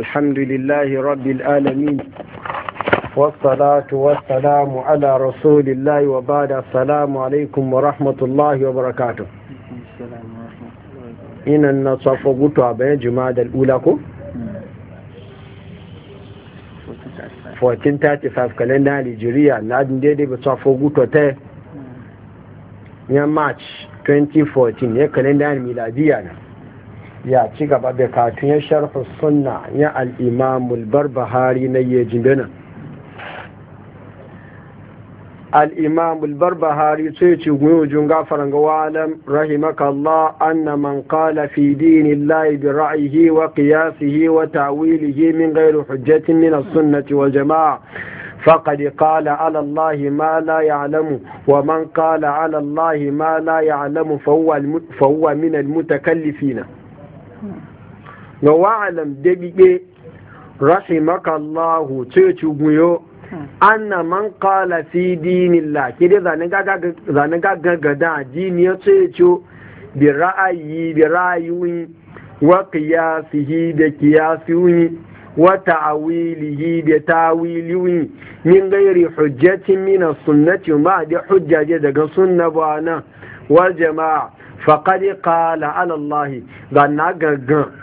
الحمد لله رب العالمين والصلاة والسلام على رسول الله وبعد السلام عليكم ورحمة الله وبركاته إن النصف قطع بين جماد الأولى 1435 فاف كلنا لجريا adin daidai ba بصف guto نعم، ta يا March 2014 يا كلنا الميلادية na ya ci gaba da katun ya sharfa sunna ya al’imamul bahari na iya jimbinan al’imamul barbahari sai ce gwiwujin gafaran gawalan rahimaka Allah anna man kala fi dini layi bi ra'ihi wa qiyasihi wa ta'wilihi min gairu hujjatin min sunnati wal jama'a فقد قال على الله ما لا يعلم ومن قال على الله ما لا يعلم فهو, الم... فهو من المتكلفين ga wa'alam da rahimakallahu ce ci guyo anna man qala fi dinillah kide zanin ga zanin gaga gada dini ya ce ci bi ra'ayi bi ra'ayi wa qiyasihi da qiyasihi wa ta'wilihi da tawilihi min gairi hujjatin min as-sunnati ma da hujjaje daga sunna ba nan wal jama'a faqad qala ala allah na gangan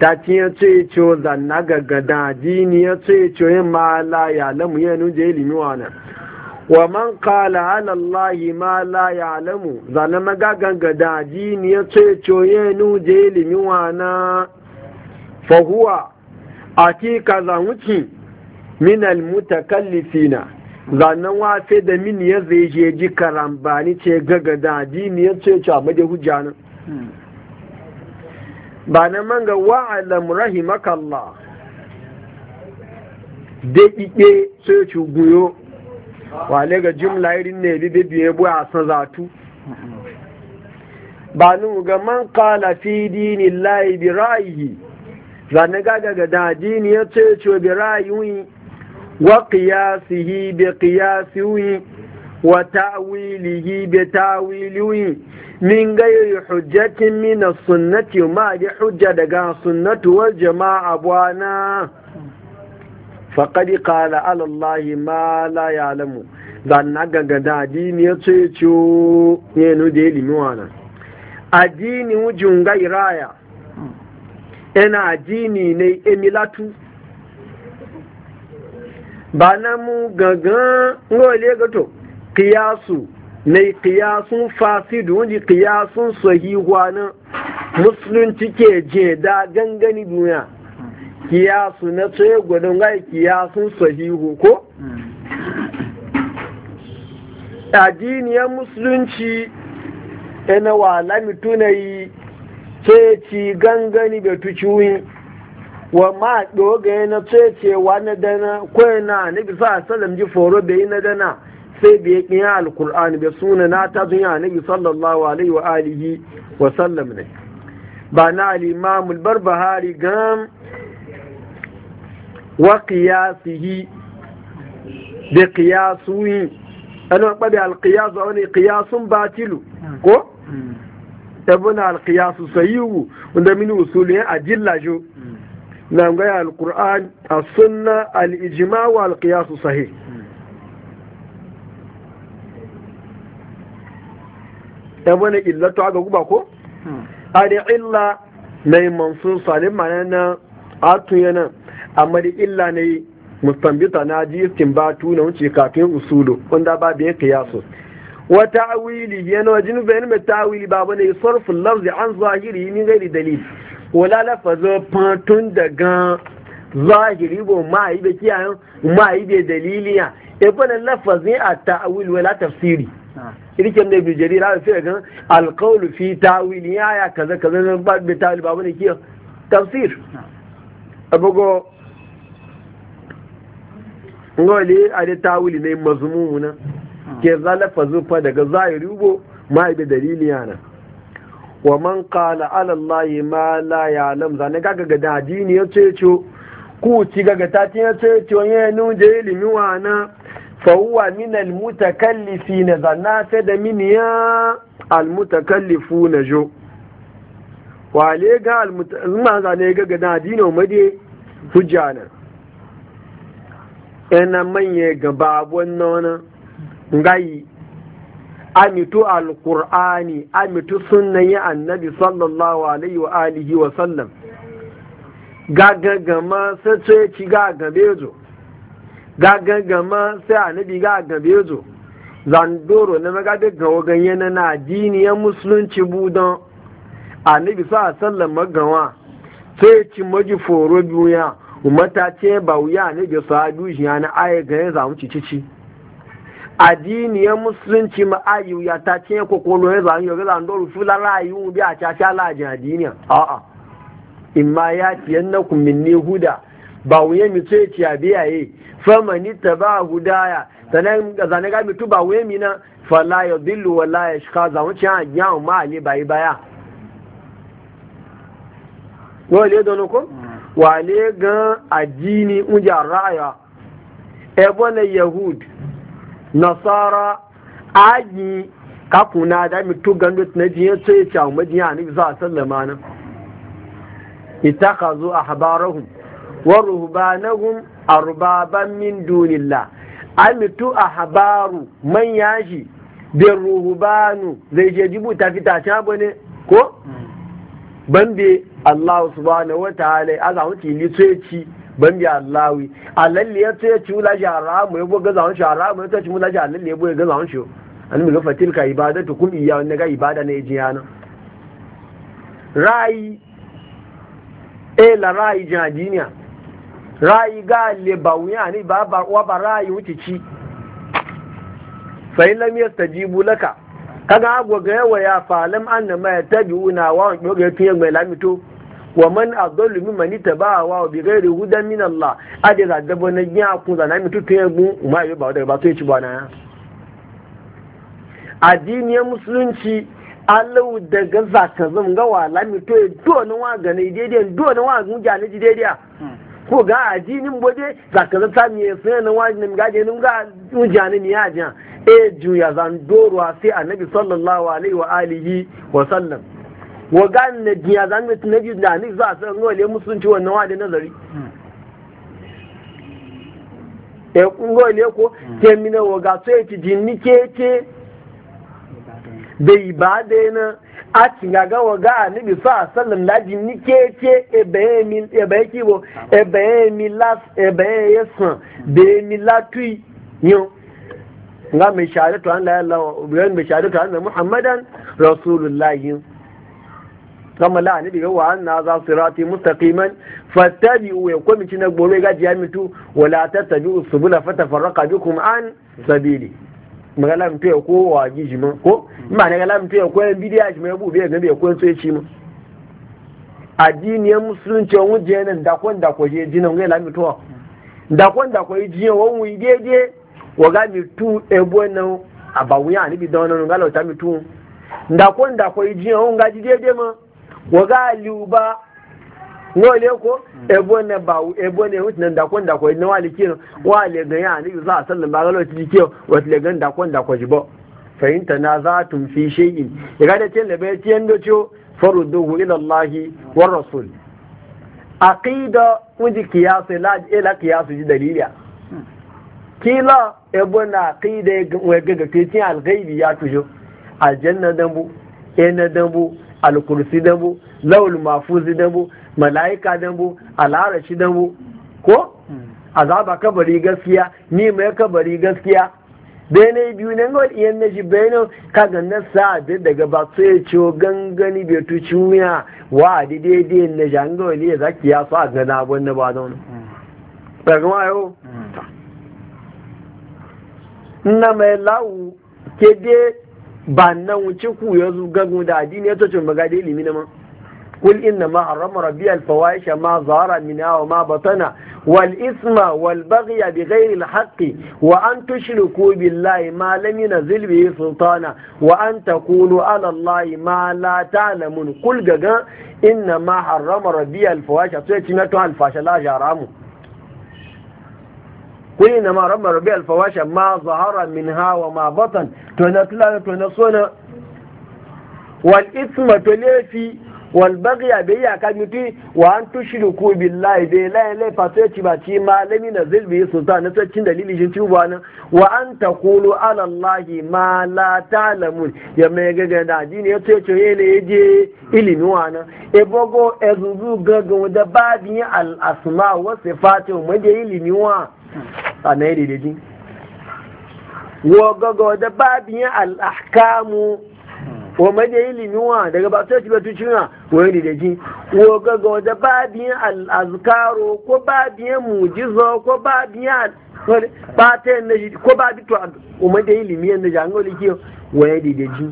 ta ya ce ciwo zanna gaggada jini ya ce ciwo yin ma'ala ya lamu ya nuje ilimi wani wa man kala alallahi ma la ya lamu zanna magagan gada jini ya ce ciwo ya nuje ilimi wani fahuwa a ki ka zamuci min zanna zannan ce da min ya zai je ji karambani ce gaggada jini ya ce ciwo a madai hujjanin hmm. ba na manga wa'alam rahimakallah da ike sai guyo wale ga jimla irin ne bi biye bu a san zatu ba nu ga man qala fi layi bi ra'yi zan ga ga da dini ya ce ce bi ra'yi wa qiyasihi bi qiyasihi wa ta'wilihi bi ta'wilihi min gairi hujjatin min sunnati ma bi hujja daga sunnatu wal jama'a bwana faqad qala ala allah ma la ya'lamu dan naga ga da dini ce ce ne no da ilimi ajini adini wujun gairaya ina ajini ne emilatu ba na mu gangan ngole gato qiyasu mai qiyasun fasidu wani qiyasun sahihuwa na musulunci ke jeda gangani duniya kiyasu na tsaye gudun gai kiyasun sahihu ko? addiniyar musulunci yana wa lamituna yi ci gangani da tuciwi wa ma ɗoga yana tsaye ce wa na dana ko yana nabi sa salam ji foro bai na dana sai bai kiya alkur'ani bai suna na ta zuya nabi sallallahu alaihi wa alihi wa sallam ne ba na al-imam al-barbahari gam wa qiyasihi bi qiyasuhi ana ba da alkiyasu a wani qiyasun batilu ko tabuna alkiyasu qiyas sayyu wanda usuli ya ajilla jo na ga alkur'ani a as-sunna al wa alkiyasu qiyas sahih ebe bane illatu aga guba ko a da illa na yi mansun salim ma na atu yana amma da illa na yi mustambita na ji ba tuna wuce kafin usulu wanda ba biyan su. wa ta'wili yana wajin bayan mai ta'wili ba bane sarfu lafzi an zahiri ni gairi dalil wala lafazo da daga zahiri bo ma yi be kiyayen ma yi be e bane lafazin a ta'wil wala tafsiri ah. irken da ibn jarir har sai ga alqawlu fi ta'wil ya ya kaza kaza nan ba bi ta'wil ba wani kiyo tafsir abugo ngoli a da ta'wil ne mazmuna ke zalafa fa daga zahiri ubo ma bi dalili yana wa man qala ala allahi ma la ya'lam zane kaga ga dadini ya ce ku ci gaga ta ci ce wani nuje ilimi wa فهو من المتكلفين ظنا فد من da المتكلفون جو وعليه قال ما زاني ga na dino made hujjana ina manye gaba wannan ngai amitu alqur'ani amitu sunnan ya annabi sallallahu alaihi wa alihi wa sallam gaga gama sai ce ci gaga bezo gagagama sai annabi ga gabe zo zandoro na magabe ga ganye na na jiniyar musulunci budan annabi sa sallan magawa sai ci maji foro duniya umarta ce ba wuya annabi sa dujiya na aya ganye za mu cicici adiniyar musulunci ma ayu ya ta ce kokolo ya yau ga zandoro fula rayu bi a caca lajin adiniya a'a imma ya na minni huda ba wuya mi ce ciya biyaye famani ta ba hudaya sannan zane ga mitu ba we mina fala ya dillu wala ya shika za mu cin ya ma ali bai baya wa le dono ko wa le ga ajini unja raya e bona yahud nasara aji kakuna da mitu gando na jiya sai ya ci a majiya za a sallama nan ittakazu ahbarahum wa ruhbanahum arbaban min dunillah amitu ahbaru man yaji da ruhbanu zai je jibu ta fita ta bane ko bande Allah subhanahu wataala aza wuce litsoci bande Allahi alalle ya tsaye ci wula shara mu yabo ga zawon shara mu ta ci wula shara alalle yabo ga zawon shi an mu ga fatilka ibadatu kum iya wanda ga ibada ne jiya nan ra'ayi e la ra'ayi jadiniya ra'ayi ga le ba wuya ne ba ba wa ba ra'ayi wuce ci fa in lam yastajibu laka kaga agwa ga yawa ya falam anna ma yatabi'una wa wa ga tiyan mai lamito wa man adallu mimman ba wa bi ghairi hudan min Allah ade da dabo na ya ku zana nami tutu ya mu ma yi ba da ba to ci bana addiniyar musulunci Allah daga zaka zan ga wa lamito dole wa ga ne daidai dole wa ga ji daidai ko ga ajinin bode za ka zata mi ya sai na wajen mi gaje nun ga ujani ni ya jan e juya zan doruwa sai annabi sallallahu alaihi wa alihi wa sallam wa ga ne diya zan mi nabi da ni za san ngole musunci wannan wajin nazari e ngole ko hmm. kemina wa ga sai ti jinni keke da ibade na a tinga ga wa ga anabi sa sallan laji ni keke ebeye mi ebeye kibo ebeye mi la ebeye san be mi la tui yo nga me to an la ilaha illallah me an laye muhammadan rasulullahi kama la anabi ga wa na za rati mustaqiman fattabi'u ya e ko mi na gboro e ga jiya mitu wala tattabi'u subula fatafarraqa bikum an sabili magala mutu ya e ko wa gijima ko ma ne galam to ekwen bidiya shi mai bube ga bai kwen sai echi mu addini musulunci won je nan da kon da ko je jinan da kon da ko ebo na abawuya ni bi don nan ga ta mi tu da da ko ga ma liuba ngo le ko na ba ebo ne na da kon ko na wali kino wali ga ya ni za sallan ga lo ti kiyo fahimta na za tun fi shi'in ya gada ce da bai ciyen da ciyo faru duhu ilallahi war rasul da wuji kiyasu ila kiyasu ji dalila kila ebo na da ya gaga cikin alghaibi ya tujo aljanna dambu ena dambu alkursi dambu lawul mafuzi dambu malaika dambu alarashi dambu ko hmm. azaba kabari gaskiya ni mai kabari gaskiya bene biyu ne ngol iyan na ji bene kaga na sa da daga ba to ya e ciwo gangani be tuci ciwuya wa da daidai e na shi an ya zaki ya a na bon na ba don daga ma na e mai lawu ke de ba nan wuce ku ya zu gagu da adini ya tocin magadi limi na ma قل إنما حرم ربي الفواحش ما ظهر منها وما بطن والإثم والبغي بغير الحق وأن تشركوا بالله ما لم ينزل به سلطانا وأن تقولوا على الله ما لا تعلمون قل جاجا إنما حرم ربي الفواحش سيتمتع الفاحش لا جرامه قل إنما حرم ربي الفواحش ما ظهر منها وما بطن تنتلا والإثم تلافي walbagiya be ya ka nuti wa an tushiru ku billahi be la le fase ci ba ci ma le mina zil bi sulta na ta cin dalili jin ci wa nan wa an taqulu ala allahi ma la ta'lamun ya me ga ga da ji ne to to yele je ilimi wa nan e bogo ezuzu gaga da ba bi al asma wa je ilimi wa a yi daidai wa gaga da babin al wa maje ilimin wa daga ba sai shiga tucina wa yi da ji wa gaga wata babiyan al'azkaro ko babiyan mujizo ko babiyan bata na shi ko bi to umar da ilimin yadda jangoli kiyo wa yi da ji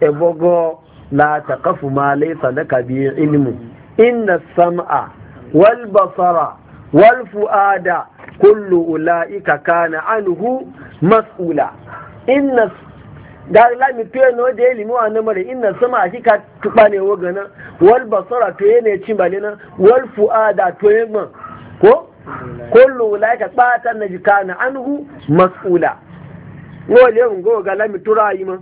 e bogo la ta kafu ma laisa na kabi ilimin inna sam'a wal basara wal fu'ada kullu ula'ika kana anhu mas'ula inna la mi to no li mo an mare inna sama a ka tuba ne wo gana wal basara to ne cin bale na wal fuada to ne gban ko kullu laika batan najkana anhu mas'ula wo le ngo ga lami tura yi ma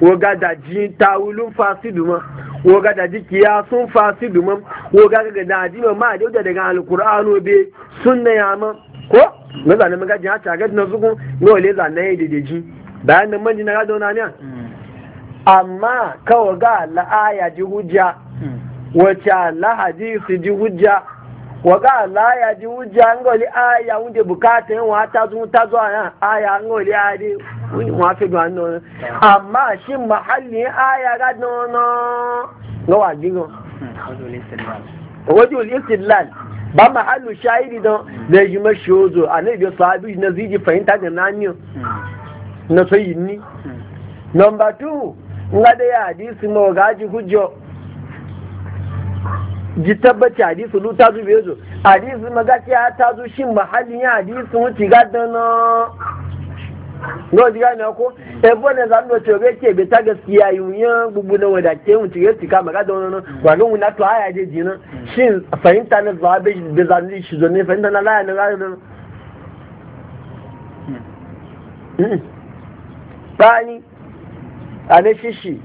wo ga da ji tawulun fasidu ma wo ga da ji kiya sun fasidu ma wo ga ga da ji ma ma da daga alqur'ano be sunna ya ma ko ga zanen ga ji ha ta ga na zugun wo le de de ji bayan da manji na gada wani ne amma kawai ga la'aya ji hujja wace lahaji su ji hujja wa ga la'aya ji hujja an aya bukata yin wa ta zuwa ta zuwa yan aya an goli aya dai wani fi ga amma shi mahalli aya ga nono ga ba shahidi don da yi mashi a na na ziji fahimta da naniyo na so yinni number 2 nga da ya hadisi ma gaji hujjo ji tabbaci hadisi lu ta zube zo hadisi ma gaci ya ta zo shin mahallin ya hadisi wuce gada na no diga ne ko e bone za ndo to be ke be ta gaskiya yunya bubu na wada ke mu tige tika ga da na, wa ga mu na to aya je jina shin fahimta na zabe be zanni shi zo ne fahimta na la na ga hmm. Hmm. bani a na shishi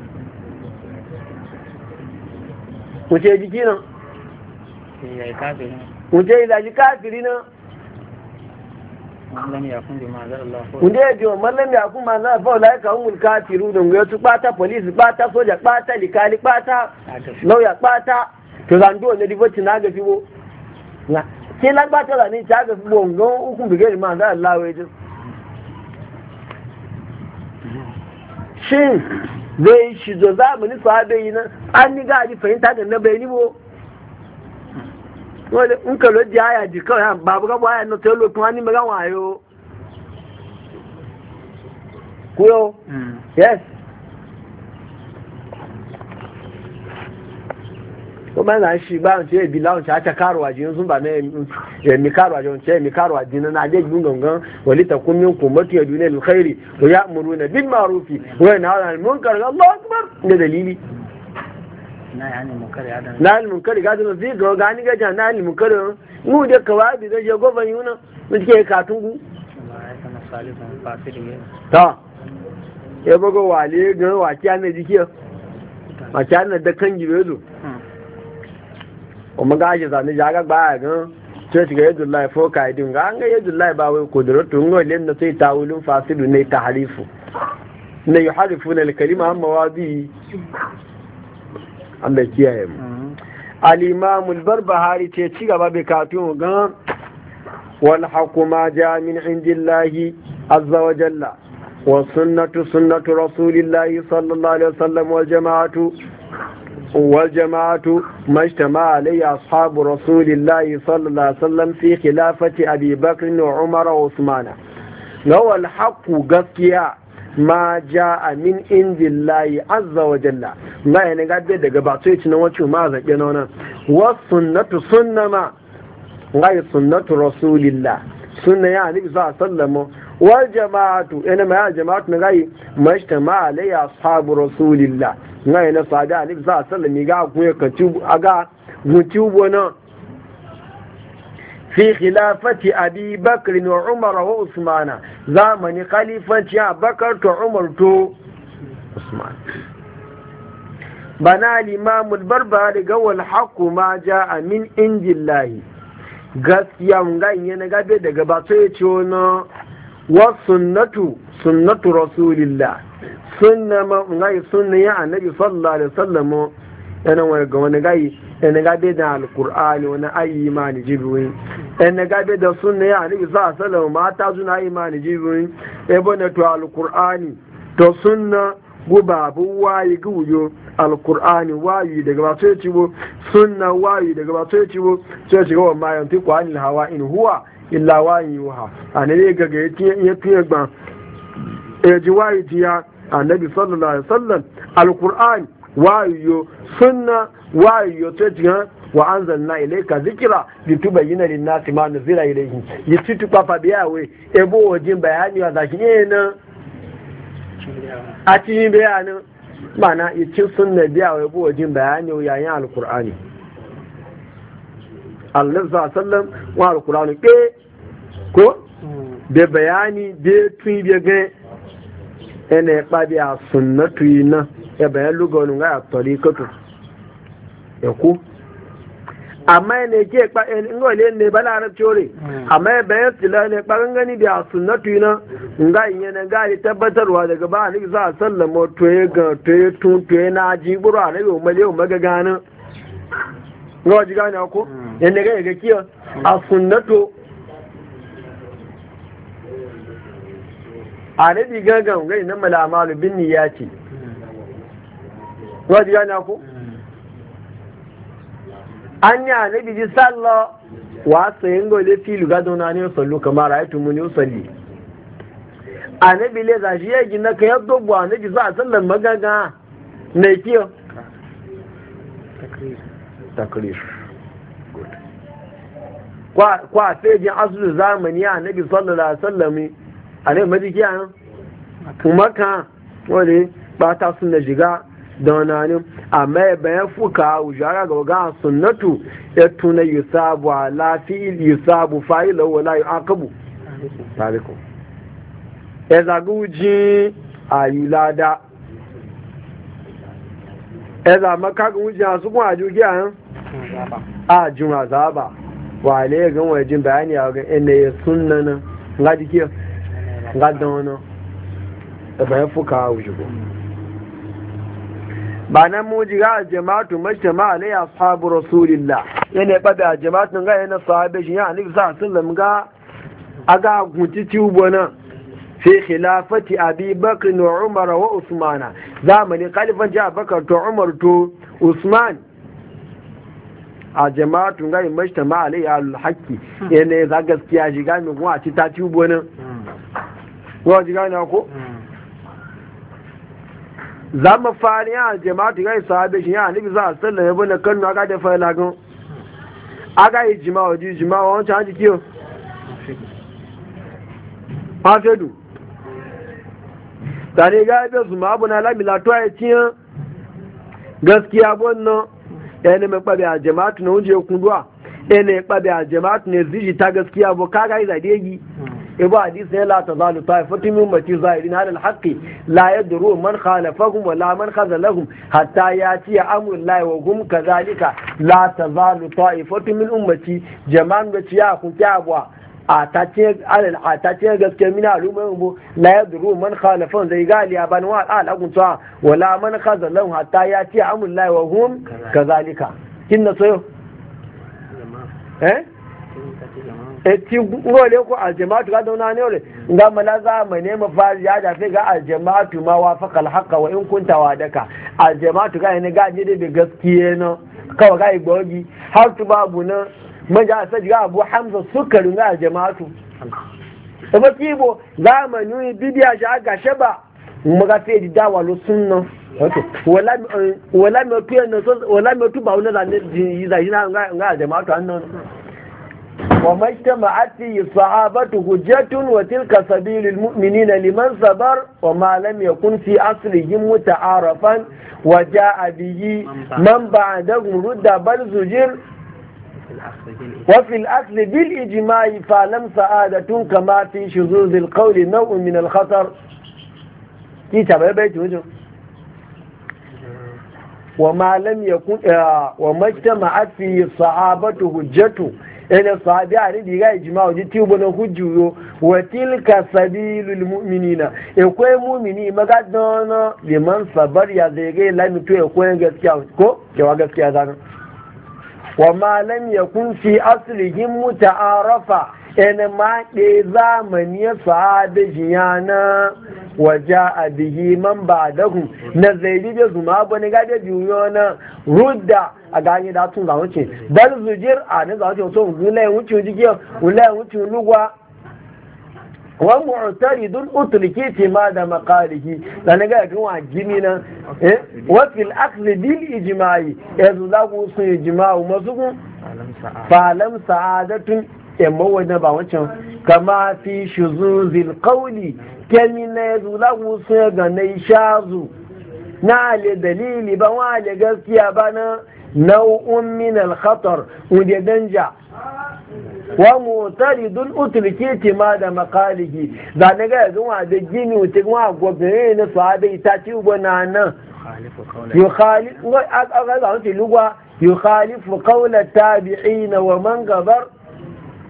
wuce jiki nan wuce ilaji kafiri wunde ya ya kun ma a fa kafiru kpata polisi kpata soja kpata likali kpata lauya kpata to zando ne dibo tina kpata fibo ke lagbata la ni ta ga fibo shin zai shi zo zamani sahabe nan an ni gaji fahimta ga na bai nimo wani in ka lo ya ji kawai babu gabu haya na tsaye lotun hannu mai gan wayo kuyo hmm. yes o ba na shi ba n ce bila n ce a ta karuwa ji sun ba ne mi karuwa ji n ce mi karuwa ji na na je gidan gangan wali ta kun yin kuma ne duniya mai khairi ya muru na bin marufi o ya na wani almun karga allah akbar da dalili na yi almun karga da zai ga gani gaja na yi almun karga mu da kawa bi zai je gofan yi wuna mu ke yi katun gu. ta ya bago wale ga wakiya na jikiya wakiya na da kan gibe zo. kuma ga shi zane ya ga baya gan sai shiga yadda lai fo ka idin ga an ga yadda lai ba wai kudurutu ngo len na sai tawulun fasidu ne tahrifu ne yuharifuna al-kalima amma wadi Allah kiyaye mu mm-hmm. al-imam al-barbahari ce ci gaba bai kafin gan wal hukuma Jami'in min indillahi azza wa jalla والسنة سنة رسول الله صلى الله عليه وسلم والجماعة والجماعة ما اجتمع عليه أصحاب رسول الله صلى الله عليه وسلم في خلافة أبي بكر وعمر وعثمان هو الحق قفيا ما جاء من عند الله عز وجل ما يعني قد بيدا باتويت نوچو ما زجنونا والسنة سنة ما غير سنة رسول الله سنة يعني النبي صلى الله عليه وسلم والجماعة إنما يا جماعة غير ما اجتمع عليه أصحاب رسول الله ngai na sada ali za mi ga ku ka ci aga guci na fi khilafati abi bakr wa umar wa usman zamani khalifanci abakar to umar to usman bana al-imam al-barbari ga wal haqqu ma jaa min injillahi gaskiya mun ga gabe daga ba sai ce wannan wa sunnatu rasulillah sunna ma ngai sunna ya annabi sallallahu alaihi wasallam yana wani ga wani gai ga gabe da alqur'ani wani ayi imani jibril ga gabe da sunna ya annabi sallallahu alaihi wasallam mata suna imani jibril ebo na to alqur'ani to sunna gubabu wayi guyo alqur'ani wayi daga ba sai ciwo sunna wayi daga ba sai ciwo sai ciwo wa mayan ti kwani hawa in huwa illa wayi yuha anabi ga ga yatin ya gban ya ji wayi jiya annabi sallallahu alaihi wasallam alqur'ani wayo sunna wayo ta jiya wa anzalna ilayka dhikra litubayyana lin-nasi ma nuzila ilayhim yititu papa biyawe ebo wajin bayani wa zaki yana a cikin bayanin mana itin sunna biyawe ebo wajin bayani wa yayin alqur'ani Allah sallallahu sallam wa alqur'ani ke ko da hmm. bayani be tun bi ga ene ya kpabi a sunnatu yi na ya bayan lugonu ga a tori kato ya ku amma ya ne ke kpa ene ngo le ne bala arab chore hmm. amma ya bayan tila ne kpagan gani bi a sunnatu yi na nga yi na ga yi tabbatarwa daga ba ni za a sallama to ya ga to ya tun to na ji buru a nabi umar yau magaganin nga wajiga ne ku yadda hmm. ga ya ga kiyo hmm. a sunnatu a nabi gagan gai na malamalu bin ya ce wajen yana ku an yi a nabi ji sallah wa sayin gole filu gado na ne sallo kamar ayi tumuni usalli a nabi le zashi ya gina ka ya dogo a nabi za a sallan magaga na kiyo takrir kwa sai jin asu zamani a nabi sallallahu alaihi wasallam ale maji kiya kuma ka wani ba ta sunna shiga da wani amma ya bayan fuka ujara ga waga sunnatu ya tuna yusabu a fi'il yusabu fa'ila wala yu'aqabu tarikum ya zagu wuji a yi lada ya zama kagun wuji a sukun a jugiya a jin zaba wale ya gan wajen bayani a wajen ina ya sunna nan ga ga da wani bayan fuka a wujugo ba nan muji ga jama'atu majtama alai ashabu rasulillah yana ɓaɓe a jama'atu ga yana sahabe shi ya anabi a sallam ga ga gunci tubo nan fi khilafati abi bakr wa umar wa usmana zamani kalifan ja bakar to umar to usman a jama'atu ga majtama ya al haqi hmm. yana za gaskiya shiga mai kuma a ci ta tubo nan hmm. wa ji gane ko za mu fari ya jama'atu ga sahabe shi ya nufi za a sallar yabo na kanu aga da fara gan aga yi jima'a ji jima'a wancan haji kiyo fafedu tare ga ibe su ma abu na lamila to ya ciye gaskiya wannan yana mai kwabe a jama'atu na wuje kunduwa yana ya kwabe a jama'atu na ziji ta gaskiya bo kaga yi zade gi ibu hadisi ya lata zalu ta fi fatu mace zahiri na halin haqqi la ya duru man khalafahum wa la man khazalahum hatta yati amru llahi wa hum kadhalika la ta fi min ummati jama'an da ciya kun kyawa a ta ce gaske mina al'ummar mu la ya duru man khalafan zai gali a bani wa al'akun tuwa wala man khazalan hatta ya ce amun lai wa hum kazalika kin na soyo eh ti ngole ko aljamaatu kada na ne ole nga mala za ma ne fa ya da ga aljamaatu ma wa kal haqa wa in kunta wadaka aljamaatu ga ne ga ne da gaskiye no kawai ga igbogi har tu babu na ja sai ga abu hamza sukarin ga aljamaatu za ma zamanu bidiya ja ga sheba mu ga sai da walu sunna wala me tuya na wala me ba wala da zane yi zai na ga aljamaatu no وما اجتمعت فيه الصحابة حجة وتلك سبيل المؤمنين لمن صبر وما لم يكن في أصلهم متعارفا وجاء به من بعدهم رد بل زجر وفي الأصل بالإجماع فلم سعادة كما في شذوذ القول نوع من الخطر وما لم يكن آه، وما اجتمعت فيه الصحابة حجته ene sahabi ani diga ijma oji ti ubo na hujuyo wa tilka sabilul mu'minina e ko mu'mini maga dono liman sabar ya zege la mi to e ko gaskiya ko ke wa gaskiya zanu wa ma lam yakun fi aslihim muta'arafa ene ma de zamani sahabi jiyana wa a bihi man ba'dahu na zaidi da zuma ba ne gaje biyo na rudda a ganye da tun zawo ce bal zujir a ne za wuce wuce wuce wuce wuce wuce wuce lugwa wa mu'taridun utliki fi ma da maqalihi dan ga ga wa gimi nan eh wa fil akhl bil ijma'i yanzu e za ku su ijma'u mazugun falam sa'adatun yamma e wannan ba wancan kama fi shuzuzil qawli kemi ya zula wusu ya gane sha zu na ale dalili ba wa ale gaskiya ba na nau'un min al-khatar wanda danja wa mutaridun utliki tima da makalihi da na ga yanzu wa da gini wuce wa gobe na sahabe ta ci na nan yukhalifu qawla tabi'ina wa man gabar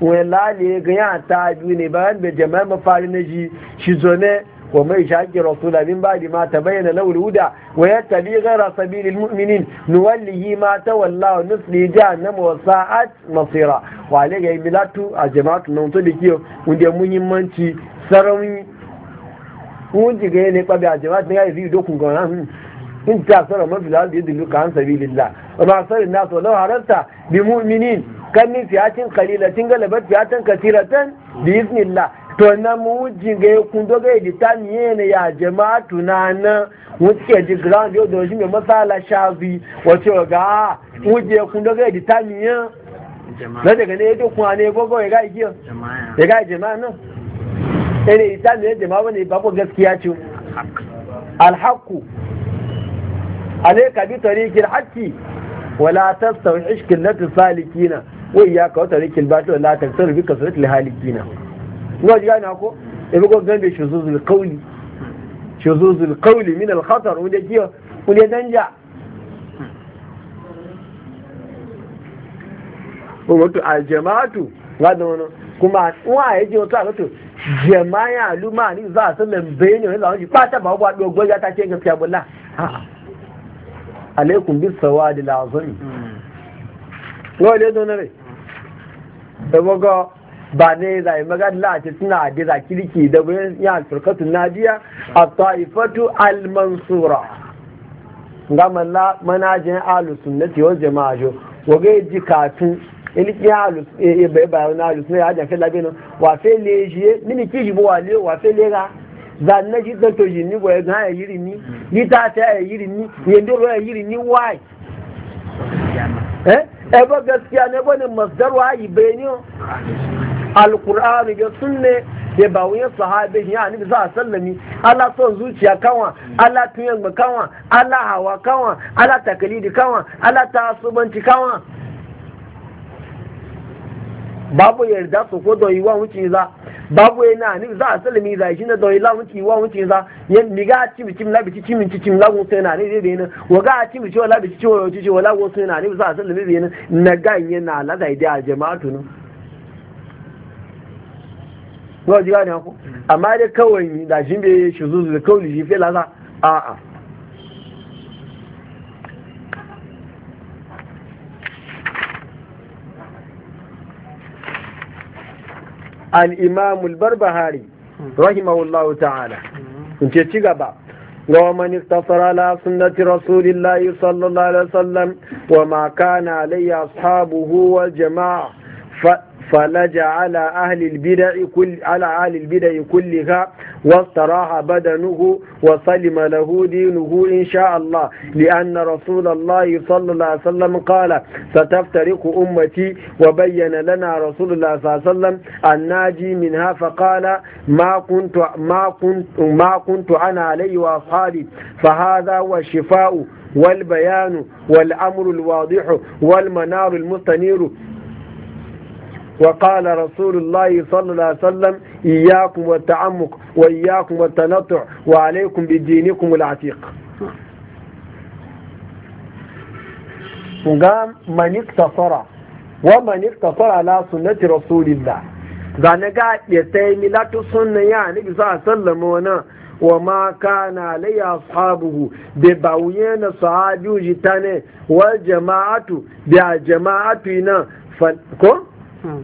wela ne ga ya ta biyu ne bayan da jama'a mafari na shi shi zone wa mai shaki rasula min ba'di ma tabayyana lahu al-huda wa yattabi ghayra sabilil mu'minin nuwallihi ma tawalla wa nusli jahannam wa sa'at masira wa alayhi milatu a jama'atu nan to da kiyo unde muhimmanci sarauni wuji ga ne kwabi a jama'atu ne ga yi sara bi yadillu kan min fiyatin qalilatin galabat fiyatan katiratan bi iznillah to na mu jinga kun doga edita ni ne ya jama'a tunanin wuce ji ground yau da wajen mai masala shafi wace ga wuje kun doga edita ni ya na daga ne yake kuma ne gogo ya ga igiyo ya ga jama'a nan? ene ita ne jama'a wani ba gaskiya ce alhaqu ka bi tariqil haqqi wala tastawi ishkillatu salikina Wai ya wa iyyaka wa tarikil batil la taksir bi kasratil halikina ngo ji gane ko e bi ko gambe shuzuzul qawli shuzuzul qawli min al khatar wanda kiyo wanda danja wato a jama'atu ngada wani kuma wa yaji wato a wato jama'a luma ni za su lambaye ne wani wani ba ta ba wa dogon ya ta ce gaskiya bulla a'a alaikum bis sawadil azami hmm. ngo le donare saboda ba ne zai magana lati suna da zakirki da bayan ya turkatu nadiya a ta'ifatu al-mansura ga manajin ahlus sunnati wal jama'a jo wage jikatu iliki ahlus e, e bai bayan ahlus ne ya jafe labino wa fe le je mini kiji bo wale wa fe le ga zan na ji to ji ni boye ga e yiri ni ni ta ta e yiri ni yendo ro yiri ni why eh ba gaskiya ne ne masdar wayi bayani alkur'ani ga sunne da ba wuyan sahabe ya ani bisa a sallami Allah son zuciya kawa Allah tuyan ba kawa Allah hawa kawa Allah takalidi kawa Allah ta'assubanci kawa babu yarda su ko da yiwa wuce za babu yana ni za a salimi za shi na da ila wuci wa wuci za yan mi ga ci mi cim la bi ci mi cim la gun sai na ni dai ne wa ga ci mi ci wala bi ci wa ci wala gun sai na ni za a salimi dai ne na ga yan na la dai da jama'atu ne ko ji ga ne ko amma dai kawai da shi be shi zuzu da kauli shi fe za a a al’imamu barbahari rahimahullahu ta’ala in ce ci gaba ga wa manista farala sunnati rasulillahi sallallahu alaihi wa maka na alayya sahabu huwa jama'a falaja ala ahalil bida'i kulli ha واستراح بدنه وسلم له دينه إن شاء الله لأن رسول الله صلى الله عليه وسلم قال ستفترق أمتي وبين لنا رسول الله صلى الله عليه وسلم الناجي منها فقال ما كنت ما كنت ما كنت أنا علي وأصحابي فهذا هو الشفاء والبيان والأمر الواضح والمنار المستنير وقال رسول الله صلى الله عليه وسلم إياكم والتعمق وإياكم والتنطع وعليكم بدينكم العتيق قام من اقتصر ومن اقتصر على سنة رسول الله zane ga ya ta sunna ya ni bisa sallama wana wa ma kana alayya ashabuhu bi bawiyana sahabiyu jitane wal jama'atu bi jama'atu ina ko hmm.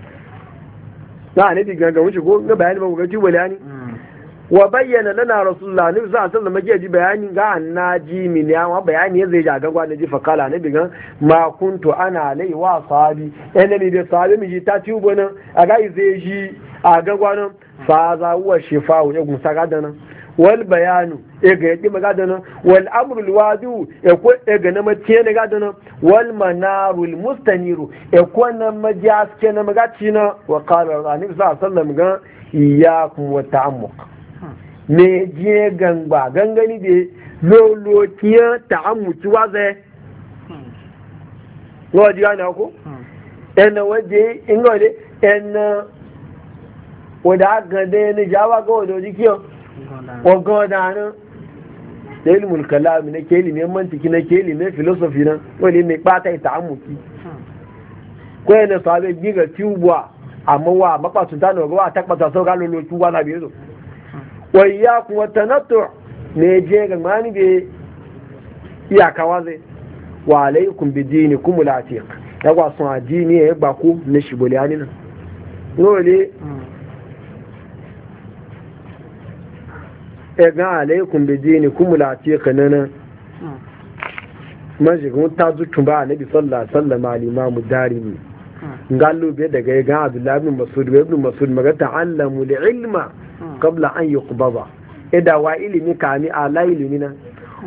na nufi ganga wuce ko ga bayani ba ku ga jiwali ani mm. wa bayyana lana rasulullah ne za a san da magiya ji bayani ga annaji min ya ma bayani ya zai jaga gwa ji fakala ne bigan ma kuntu ana lai wa sahabi ene ne da sahabi mi ji ta ci ubo a ga zai ji a ga gwanin fa za huwa shifa wa ya gusa ga wal bayanu e ga yaki magadana wal amrul wadu e ko e ga na mace ne gadana wal manarul mustaniru e ko na majaske na magaci na wa qala annabi sallallahu alaihi wasallam Ya iyyakum wa ta'ammuq me je gangba gangani de lolotiya ta'ammuci waze lo ji ana ko ena waje ingole ena wada ga de ni jawa ga wado dikiyo wagon dana da ilimin kalami na ke ilimin mantiki na ke ne filosofi nan wani mai bata ita amuki ko yana sabe giga tubuwa amma wa makwasunta na gawa ta kpata sau ga lolo tubuwa na biyu wai ya kuma ta tanattu ne je ga mani be iyaka waze wa alaikum bi dini kumul atiq ya gwa sun ajini ya yi ku na shibuliyani nan dole ẹ̀gán àlẹ́kùn bèjì ní kúmùlà àti ẹ̀kànnánà mashigun ta zutun ba annabi sallallahu alaihi wasallam al-imam darimi hmm. ngallo be daga ga abdullahi ibn mas'ud ibn mas'ud maga ta'allamu al-ilma hmm. qabla an yi yuqbada ida e wa ilimi ka kami ala ilimi na hmm.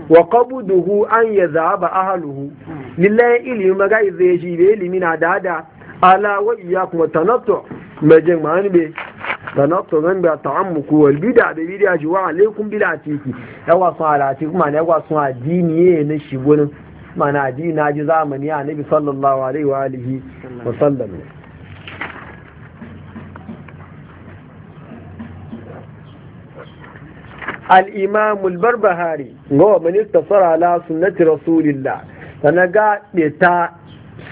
wa qabduhu an zaba ahluhu lillahi ilimi maga izeji be ilimina dada ala wa iyyakum tanattu majin ma'ani be sanatu man bi ko wal bid'a da bid'a ji wa alaikum bila tiki ya wa salati kuma ne yawa sun addini ne shi gurin mana addini na ji zamani ya nabi sallallahu alaihi wa alihi wa sallam al-imam al-barbahari go man istasara ala sunnati rasulillah sanaga ta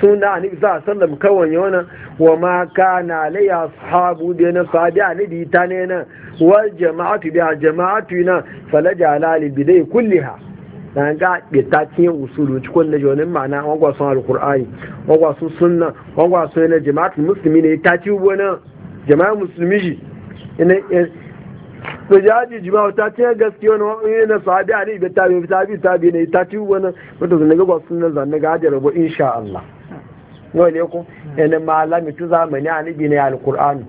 suna ni za sallam kawan yana wa ma ka na ya sahabu da na sahabi a bi ta ne na wa jama'atu da jama'atu na falaja alali bidai ha na ga bita tin usulu cikin da jonin ma'ana wagwa sun alqur'ani wagwa sun sunna wagwa sun na jama'atul muslimi ne ta ci wani jama'a musulmi shi to jaji jima'u ta ce gaskiya wani wani na sahabi ali bi tabi tabi tabi ne ta ci wani wata zanaga ba sunan ga ajiyar ba insha Allah wale ku yana malami tu zamani annabi ne alqur'ani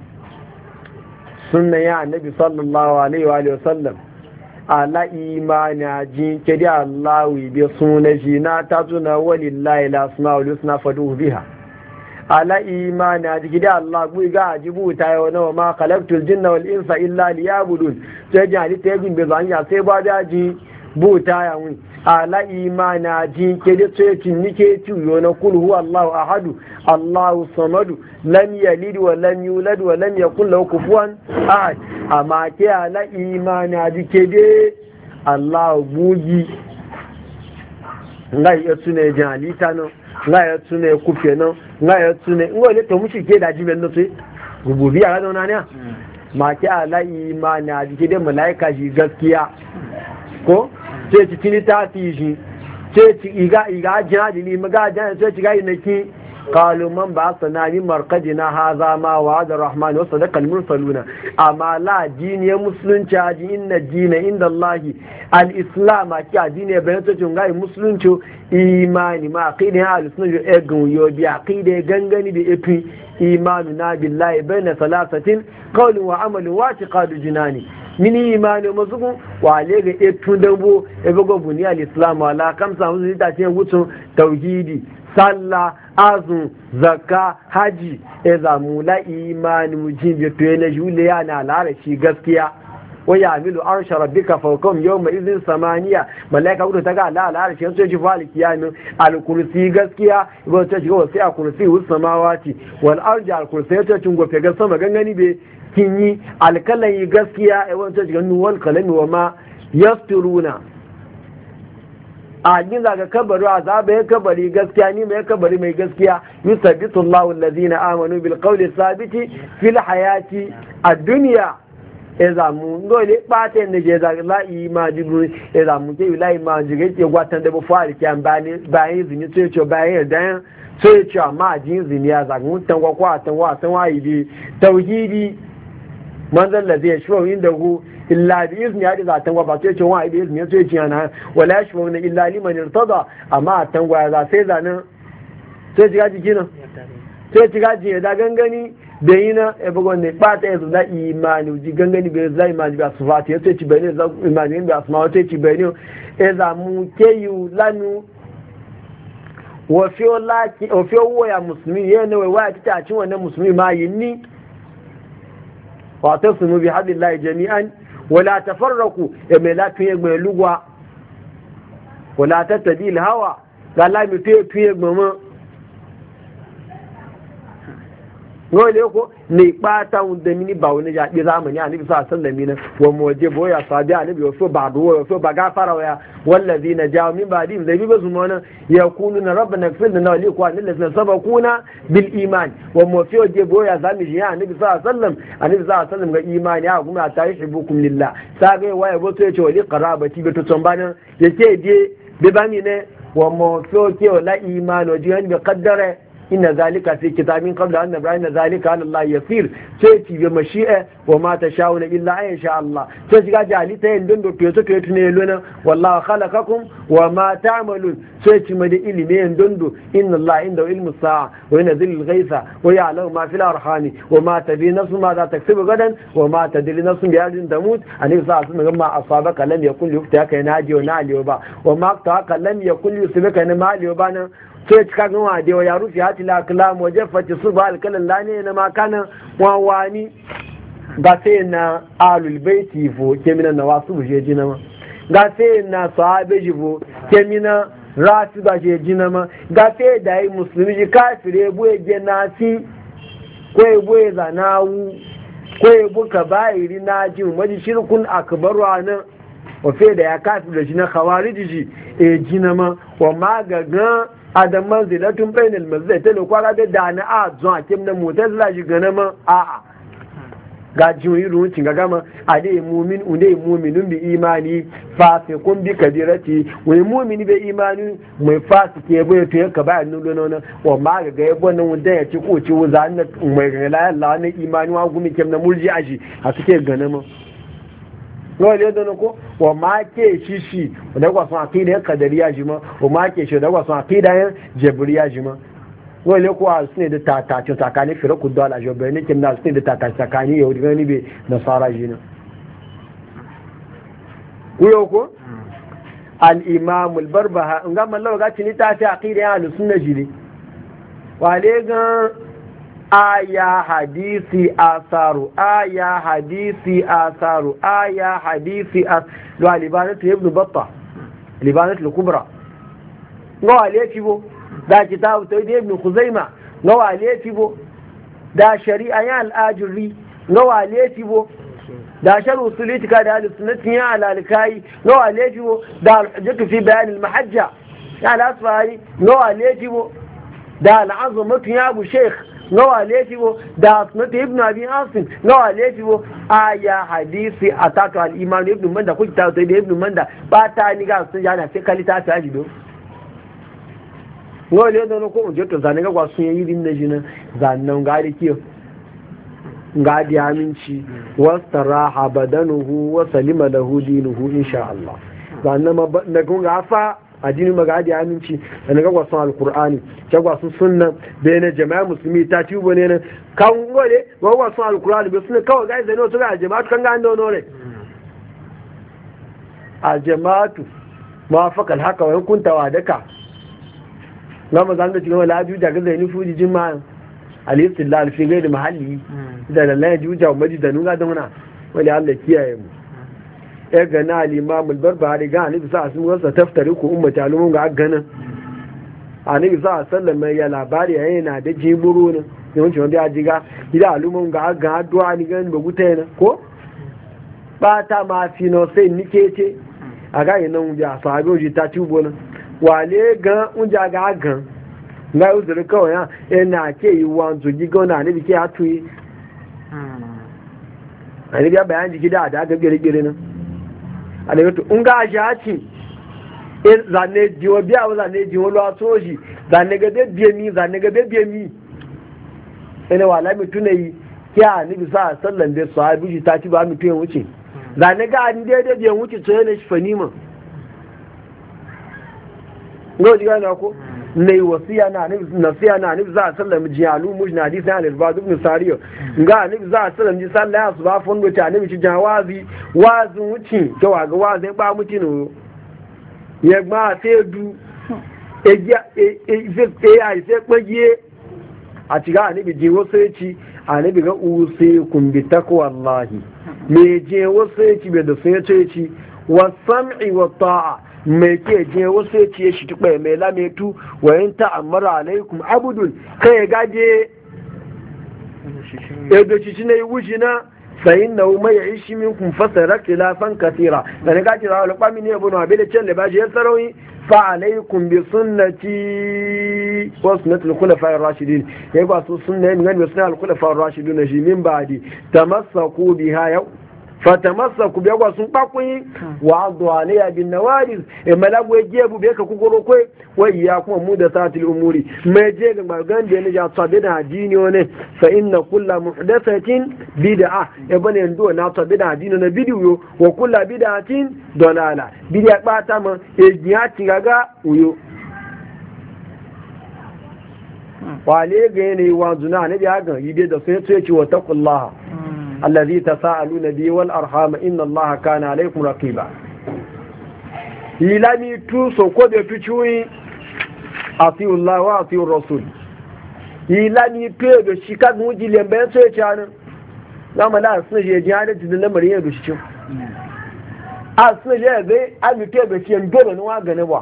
sunna ya annabi sallallahu alaihi wa alihi a ala imani jin kedi allah bi sunna shi na wani walillahi la asmaul husna fadu biha ala imani a jiki da Allah gwi ga a jibu ta yau nawa ma kalabtul jinna wal insa illa liyabudun sai jali ta yi bin bezanya sai ba daji bu ta yawon ala imana jin kede da tsoyacin nike ciwo na kul huwa Allahu ahadu Allahu samadu lam yalid wa lam yulad wa lam yakul lahu kufuwan ahad amma ke ala imana ji kede de Allah buji ngai ya tune jin halita no ngai ya tune kufe no ngai ya tune ngai le mushi ke da jiben no sai rububiyya ga na ne hmm. ma ke ala imana ji kede malaika ji gaskiya ko ce ci cini ta fi shi ce ci iga na hajji ne maga ajin hajji ci na ki kaluman ba su na yi markadi na ha wa da rahmani wasu da kalmur saluna amma la jiniyar musulunci a jini na jini inda allahi al'islam a kiya jini bayan tocin musulunci imani ma kai a yana alisunan yau egun yau biya kai da gangani da ifi imani na billahi bayan salasatin kawalin wa amalin wa ci kadu jina ne mini imani Wa wale ga etun dambo ebogo buni al-islam ala kamsa mun zita ce wucin tauhidi salla azu zakka haji e la imani jin bi to ne jule la shi gaskiya wa ya'milu arsha rabbika fawqahum yawma idhin samaniya malaika ta ga la la shi sai ji fali kiyamin al-kursi gaskiya ba ta ji wa sai al-kursi us samawati wal arja al-kursi ta cin gofe ga sama gangani be kin yi alkalai gaskiya a eh, wani cikin wani kalami wa ma ya turuna a gina ga kabari a zaɓe ya kabari gaskiya ni mai kabari mai gaskiya yusabbitu Allahu na amanu bil qawli sabiti fil hayati a duniya e eh, zamu ngole pate ne je za la imaju e eh, zamu ke la imaju ke ke gwatan da bufu ke bayan bayin zini to bayan bayin yan to cho ma jin zini ya zagun ngun tan kwa yi bi yi tauhidi man zan lazi ya shiwa yin da hu illa bi izini hadi za a tangwa ba sai ce wani bi izini ya sai ce yana wala ya shiwa illa liman irtada amma a tangwa ya za sai zanen sai shiga jiki nan sai shiga jiki ya da gangani da yi na ya bugon ne ba ta yanzu na imani ji gangani bai za imani ba su fati ya sai ci bai ne za imani ba su ma wata ci bai ne ya e zamu yi lanu wafi owo ya musulmi yana wai waya ta cin wannan musulmi ma yi ni wa tasimu bi hablillahi jami'an wala tafarraqu ya mai latin ya mai lugwa wala tattabi hawa ga lami to tuye wani ko ne ɓata wanda mini ba wani yaɗi zamani a nabi sa sallam mina wa moje boya sabi a nabi wasu ba duwa wasu ba fara waya wallazi na jawo min ba dim zai bi ba ya kunu na rabba na fil na wali kwa nila na saba kuna bil iman wa mofi waje boya zami shi a nabi sa sallam a nabi sa sallam ga imani a kuma ta yi shibukum lillah sa ga waya wato ya ce wali qarabati bi tutsan banan ya ce je bi bani ne wa mofi waje wala iman waje hanbi kaddare inna zalika fi kitabin qabla an nabra inna zalika an Allah yasir sai ci bi mashi'a wa ma tashauna illa an yasha Allah sai shiga jali ta yin dindo to to ne lona wallahu khalaqakum wa ma ta'malun sai ci mai ilimi yin dindo inna Allah inda ilmu sa'a wa zil ghaitha wa ya'lamu ma fil arhani wa ma tadri nafsu ma za taksibu gadan wa ma tadri nafsu bi yadin damut anil sa'a sun ga ma asabaka lam yakun yuftaka na naji wa na ba wa ma ta lam yakun yusibaka na mali ba nan sai cika gan wa da ya rufe hati tila kalam wa jaffati su ba alkalin lani na makana wa wani ga sai na alul baiti fo kemina na wasu je na ma ga sai na sahabe jibo kemina rasu ba je na ma ga sai da yi musulmi ji kafire bu je nasi ko e bu zanawu ko e bu iri na ji maji shirkun akbaru anan wa fe da ya da shi na khawariji ji e jina ma wa magagan adam manzilatun bainal ta lokwa ga da dana a zuwa kim na mutazila shi gana ma a a ga yi ruwancin ga gama a dai mumin unde muminun bi imani kun bi kabirati wai mumini bai imani mai ke bai to yanka ba nan don nan wa ma ga ga yabo nan wanda ya ci ko ci wuza mai ga la la ne imani wa gumi kim na murji shi a suke gana ma wọ́n ilé dọ́nà kó wọ́n máa ké ṣíṣì ọ̀dẹ́gbàsán àkídẹ́ kàdẹ̀ríyà jùmọ́ wọ́n máa ké ṣe ọ̀dẹ́gbàsán wọ́n lé kó àsìnì dé tààtàtì tàkàní fèrèkù dọ́là jọ̀bẹ̀ ní kí n náà àsìnì dé tààtàtì tàkàní yẹ̀wò dìgbẹ́ níbi nasara yìí kó hmm. al'imamu barbaha nga mallawa gaci ni ta fi aƙirin na gan aya hadisi asaru aya hadisi asaru aya hadisi asaru a libanatu ibn batta libanatu kubra ga wale fibo da kitabu ta ibn khuzaima ga wale fibo da shari'a ya al-ajri ga wale fibo da sulit ka da al-sunnati ya alalikai ga wale fibo da alhajjatu fi bayanin mahajja ya al-asfari ga wale fibo da al'azumatu ya abu sheikh nawa laifi bo da asnatu ibn abi asim nawa laifi bo aya hadisi atatu al iman ibn manda kuki ta da ibn manda bata ni ga sun yana sai kalita ta jido nawa le da ko je to zane ga kwa sun yi din na jina zannan gari kiyo gadi aminci badanuhu wa salima lahu dinuhu insha Allah zannan addini magadi aminci da na naga sun alkur'ani ta sun sunna bai na jama'a musulmi ta ci ubo ne na kawo gole ba sun alkur'ani bai suna kawai ga zane wasu ga jama'atu kan ga an dono ne a jama'atu ma fakal haka wani kunta wa daka gama da cikin wani labiyu da gaza ni fuji jima'an alistillah alfi da mahalli hmm. da Lallai, juja wa majidanu ga dauna wani allah kiyaye mu ya gana al'imamul barbari ga anibi sa sun wasa taftari ko umma talumun ga ganin anibi sa mai ya labari yayin na da jiburu ne yawanci wanda ya jiga gida alumun ga aga addu'a ni ganin ba guta yana ko ba ta ma fi no sai nike ce a ga yana mun ja sahabi oji ta tubo na wale ga mun ja ga aga na yau zuri kawai ya yana e ke yi wanzu giga na anibi ke hatu ani hmm. anibi ya bayan jiki da da ga gire-gire nan alaiwatu in ga shi haci e zane jiwa biya wa zane jiwa luwa soji zane ga bebbe mi zane ga bebbe mi ina wala mi tuna yi kya ni sa sallan da sahabi ta ci ba mi tuyan wuce hmm. zane ga ni daidai biyan wuce to na shi fanima ngo diga na ko ne wasiya na ne nasiya na ne za sallam ji alu mujna hadisi na al-badu ibn sariyo nga ne za sallam ji sallah asuba fondo ta ne ji jawazi wazi wuci to wazi wazi ba muti no ye gba te du e ja e, e se pe ai se pe ye ati ga ne ji ji wasechi ani bi ga use kun bi takwallahi me je wasechi be da sai ce ci wa sam'i wa ta'a mai ke je wasu ya ciye shi tukwa mai lametu wa yin ta'ammara alaikum abudun kai ya gaje edo shi shi na yi wuce na sayin na umar ya yi shi min kun fasara kilafan kasira da ni gaji na wani kwamini ya bunu abin da can da bashi ya sarauyi fa alaikum bi sunnati wa sunnati al-khulafa ar-rashidin yayi ba su sunna yin gani sunna al-khulafa ar-rashidin shi min ba'di tamassaku biha yau fatamassa ku biyagwa sun bakuyi hmm. wa adu alayya bin nawariz e malagwe jebu be ka kugoro kwe wai ya kuma mu da satil umuri mai je ga magan da ne ya tsabe da addini ne fa inna kullu muhdathatin bid'a e bane ndo na tsabe da addini na bidiyo wa kullu bid'atin dalala bidiya bata ma e jiya tigaga uyo wale ga yanayi wa zuna ne ya ga yi da sai ce wa taqullaha hmm. allazi tasaaluna bi wal arham inna allaha kana alaykum raqiba ilami tu so ko be tu chuyi atiu allah wa atiu rasul ilami tu be تشان guji lembe so e chanu zama la sun je jihadi da lamarin a sun je zai amite be ci en dole wa gane ba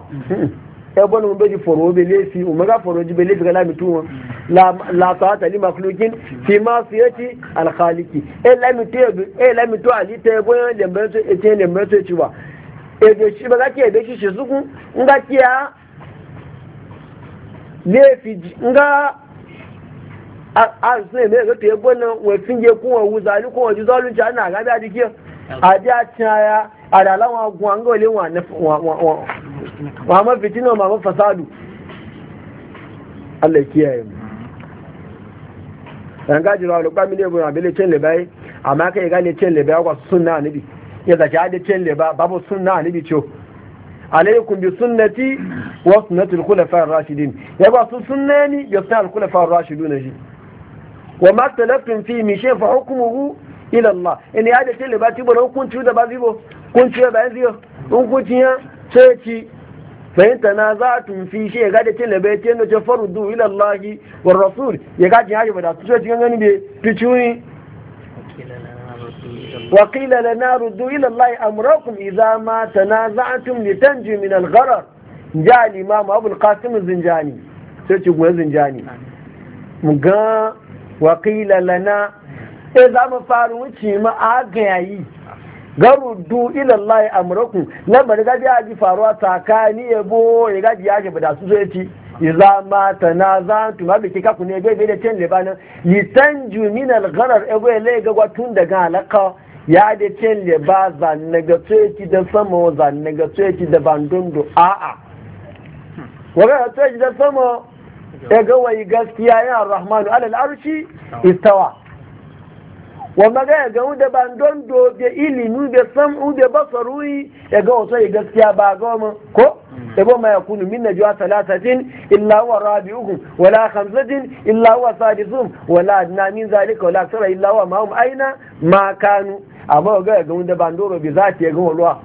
e bonu be di foro be lesi umaga foro ji be lesi ga lamitu la ta'ata li makhluqin fi al-khaliqi to ali te bo le e te le ti wa e de shi ba de shi shizuku nga le fi nga a sun ne ga te bo na we finje ku wa wa na ga a gun le wa wa ma ma fasadu Allah kiyaye mu an gaji rawa lokwa mini yabo abin lecen leba yi amma kai ga lecen leba ya kwasu sunna anibi ya zaki a lecen leba babu sunna anibi ciwo alaikum bi sunnati wa sunnati al-khulafa ar-rashidin ya kwasu sunna ni ya sunna al-khulafa ar-rashidun ji, wa ma talaftum fi mi shay fa hukmuhu ila Allah in ya da leba ti bo hukunci da ba zibo kunci ba zibo hukunci ya sai ci fahim ta na za a tumfi shi ya gaji cin labe ta yadda ce faru du ilallahi wa rasul ya gaji haji bada su cikin na rudu ilallahi amurakun iza ma ta na za a tum tan ji min algharar jani ma zinjani mu ga wakila na e za mu faru wuce ma agayayi garudu ilallahi Nan bari gaji ya ji faruwa tsakani yabo ya gaji ya ba da su zai ci iza ma ta na za tu ma biki kaku ne bai da cin libanin yi tan juminal ganar ebo ya lai gagwa tun daga alaka ya da cin liba zanne ga tsoyaki da sama zanne ga tsoyaki da bandundu a'a wa ga tsoyaki da sama ya ga yi gaskiya yana rahmanu alal arshi istawa wa maga ya ga wuda ban don dobe ilimi da san ude basaruyi ya ga wato ya gaskiya ba ga mu ko da ba ma kunu min najwa salatatin illa wa rabi'uhum wala khamsatin illa huwa sadisuhum wala adna min zalika wala tara illa wa ma hum aina ma kanu amma ga ga wuda ban doro bi zati ya ga walwa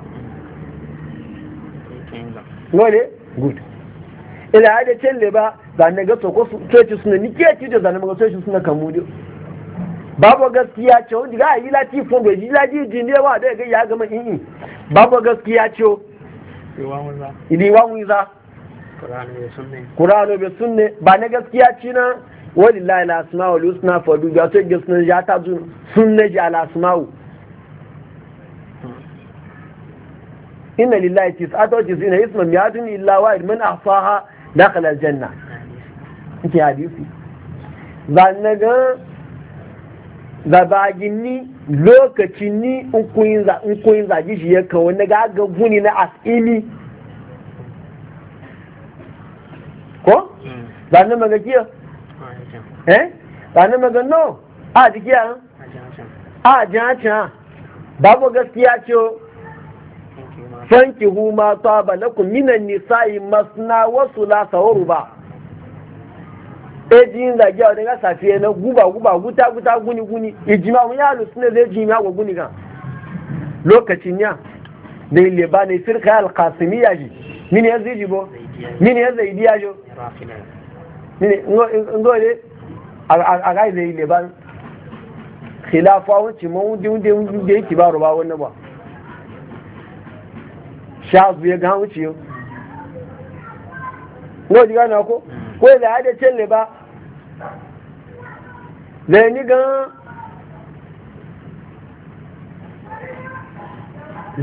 wale good ila hada celle ba dan ga to ko to ci suna ke ci da dan ga to ci suna kamudi babu gaskiya ce wani ga yi lati fondo yi lati jinde wa da ga ya gama in babu gaskiya ce idi wa wiza Kur'anu bai sunne ba na gaskiya ci na wani la ila asma'u li usna fa du ga to gaskiya ya ta zu sunne ji ala asma'u hmm. inna lillahi tis'atu tis'ina isman yadun illa wa man ahsaha dakhala aljanna ki hadisi zan ga gi ni lokacin ni in kun zagi shi ya kawo na gaga guni na asini ko? Hmm. zanen maga kiyo? eh? zanen maga no a jikiya a jaca babu gaskiya ce fanki hu! ta ba na kuminan nisa'i masna wasu lasawaru ba ejin da gya wadanda safiya na guba guba guta guta guni guni ijima mun yalo suna zai ji ya guni kan lokacin ya da ile ba ne firka alqasimi ya ji mini ya zai ji bo mini ya zai diya jo mini ngode a ga zai ile ba khilafa wuce ma wunde wunde wunde yake ba ruba wannan ba sha zuwa ga wuce yau ngode diga ko ko da ya da celle ba zai ni gan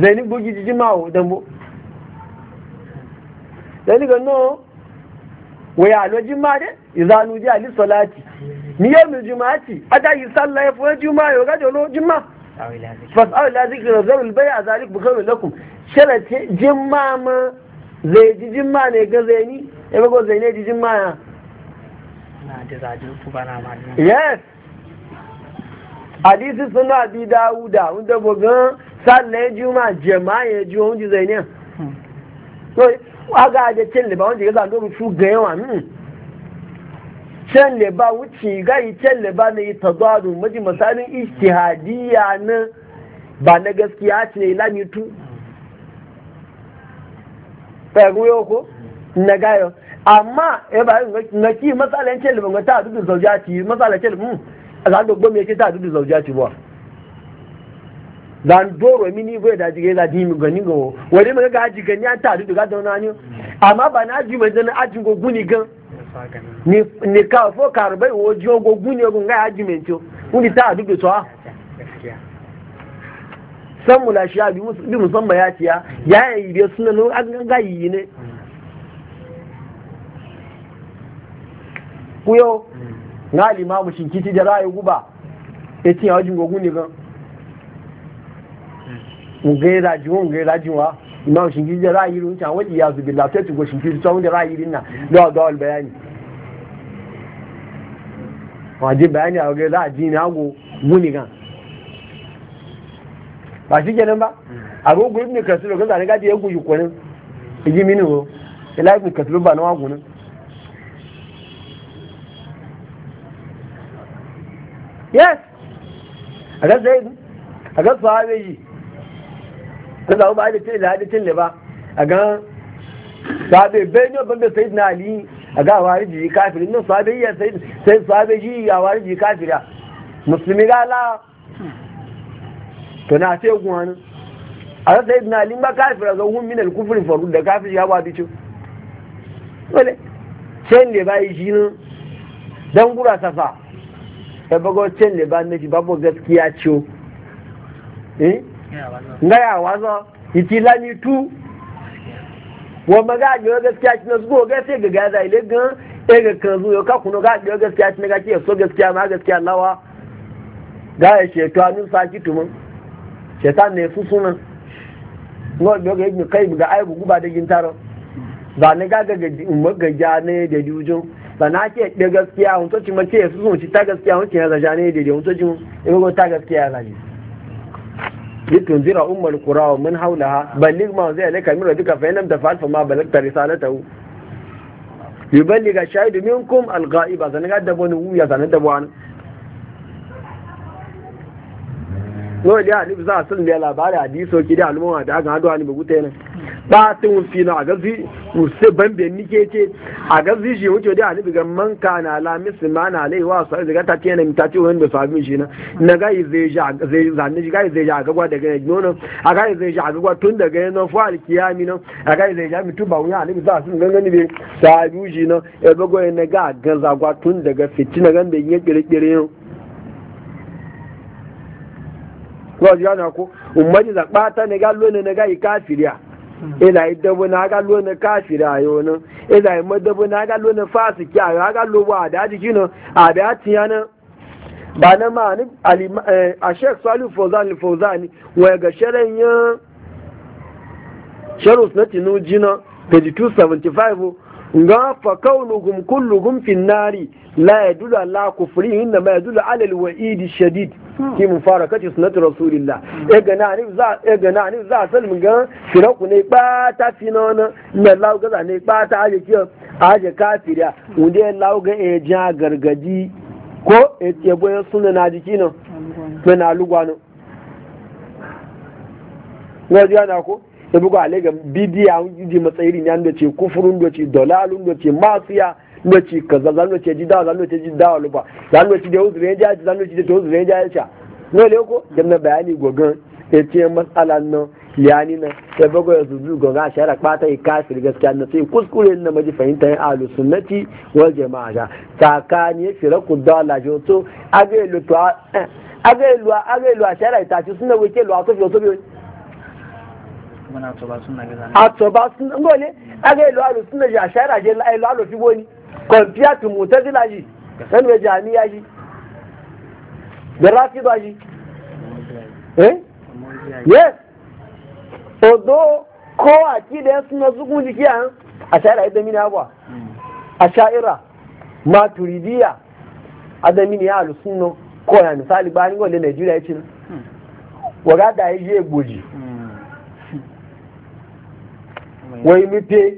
zai ni bugi jiji ma o dambo zai ni gan no waya alo jima de izanu e ji ali salati ni yau mu juma'ati ada yi sallah ya fuwa juma'a yau gajo lo juma'a fas'au ila zikri zarul bai a zalik bukharu lakum sharati jimma ma zai ji jimma ne ga zai ni ebe ko zai ne jijin maya yes hadisi suna bi dawuda wanda bugan sannan juma jama'a ya ji wani zai ne hmm. so aga da cin liba wanda ya zando rufu ga yawa min hmm. cin liba wuce ga yi cin liba na yi tazaru maji misalin ijtihadiyya na ba na gaskiya ce ne lamitu ɗaya hmm. ko na gayo amma ya eh, ba na eh, ki matsala yanke liban ga ta dudu zaujati matsala ke liban a hmm, zan dogbo me ke ta dudu zaujati ba zan doro mini bai da jigai da dimi gani ga wani mai ga aji gani an ta dudu ga dauna ne amma ba na aji mai zana aji go guni gan ni ka fo karbai wo jiyo go guni go ga aji mai to kuni ta dudu so san mula shi bi musamman ya ciya ya yi biyar sunan an ga yi ne kuyo nga limamu shinkiti da rayu guba ya ce yawon jingogu ne gan ngai rajiwa ngai rajiwa imamu shinkiti da rayu rin can wani ya zubi lafiya ci go shinkiti tsawon da rayu rin na da da wal bayani waje bayani a wajen raji na go guni gan ba shi kenan ba mm. a gogo ibn kasir ga zane gaji ya guji kwanin iji mini ho Ilaifin ibn kasir ba na wagunin yes a ga zai a ga sahabe yi ka zaɓi ba a da ce da hadisin ne ba a ga sahabe bai ne ban da sai na ali a ga wari ji kafiri nan sahabe yi sai sahabe yi a wari kafira musulmi ga la to na ce guwanin a ga sai na ali ba kafira ga hun minal kufurin faru da kafiri ya ba dicin wale sai ne ba yi shi nan don gura ta ya bago cin liba na shi babu gaskiya ciwo eh ngaya wazo iti lani tu wa maga ga gaskiya ci na zuwa ga sai ga gaza ile gan e ga kan zuwa ka kuno ga ga gaskiya ci na ga ke so gaskiya ma gaskiya lawa ga ya sheto anu saki tumun shetan ne susuna ngo do ga ibn kai ga ai guba da gintaro ba ne ga ga ga ne da jujun sana ke da gaskiya hunto ci mace ya sun ci ta gaskiya hunto ya zaja ne daidai hunto ci ko ta gaskiya ya Yi litun zira ummul qura wa haula ha, balli ma zai alaka min rabbika duka inam da fa ma balagta risalatahu yuballigha shahidu minkum alghaiba zan ga da wani wuya zan da wani no da ani za sun da labari diso ki da al'umma da aka hadu ni bugutai ne ba tun fi na agazi musse bambe nike ce agazi shi wuce da ani bigan man kana la misman alai wa sai daga ta tiyana mi ta ci wanda sabin shi na na ga zai ja zai zanni ga zai ja gagwa daga nono a ga zai ja gagwa tun daga yana fa kiyami no a ga zai ja mi tuba wuya ani za sun gangani be sabu shi no e bago ne ga ganza gwa tun daga fitina gambe yin kirkire yau ko ji yana ko ummaji da bata ne gallo ne na ga kafiriya ila idabo na gallo ne kafira yo nan ila imadabo na gallo ne fasiki a ga gallo ba da jiki no a da tiyana ba na ma ni eh, a Sheikh Salih Fawzan Fawzani wa ga sharan sharus na tinu jina page ga fa kaunuhum kulluhum fi nari la yadullu ala kufri inna ma yadullu ala alwa'id shadid hmm. ki mufarakati sunnati rasulillah e ga na ni za e ga na ni za sal mun ga firaku ne ba ta finona na lawo ga ne ba ta aje ki aje kafiriya unde lawo ga e ja gargadi ko e yabo ya sunna na jiki no na lugwano ji ana ko da bugu a lega bidiya ji matsayiri ne da ce kufurin da ce dalalun da ce masuya da ce kaza zan da ce jidawa zan da ce jidawa luba zan da ce da uzurin ya ji zan da ce da uzurin ya jaji sha le ko dan na bayani gogan ya ce matsala nan yani na sai bugu ya zuzu gogan shara kwata ya kafir gaskiya na sai kuskure na maji fahimta ya alu sunnati wal jama'a ja tsakani ya fira ku dala joto aga aga aga shara ita ci sunna wake ilu a sofi A súnà ńgọ́ ní ẹgbẹ́ ìlú àlò súnà yìí àṣàrà jẹ́ ìlú àlò fíwó ni kọ̀m̀píàtì mùtẹ́sílà yìí sẹ́nu ya àníyá Garafi bẹ̀rẹ̀ fídọ̀ yes odo ko àkídẹ́ súnà sókún jìkí à ya? àṣàrà ẹ̀dẹ́mí ni àwà àṣàrà maturidíyà ẹ̀dẹ́mí ni àlò súnà kọ̀ ẹ̀ misali gbá ya nàìjíríà wai mife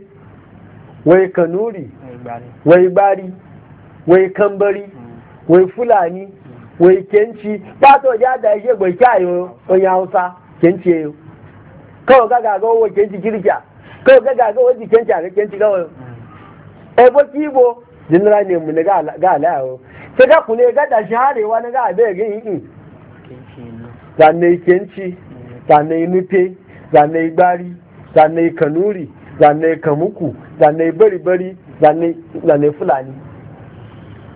wai kanuri wai bari wai kambari mm. wai fulani mm. wai kenci pato ya da yake bai kyayo onye hausa kenci yayo kawai ga gaga wa kenci kirkiya kawai ga gaga wa kenci a ga kenci kawai mm. ebo kibo general ne mu ne ga alayawo sai ga kune ga da shaharewa na ga abe ga yi zanne kenci zanne nufe zanne gbari zane kanuri zane kamuku zane bari-bari zane fulani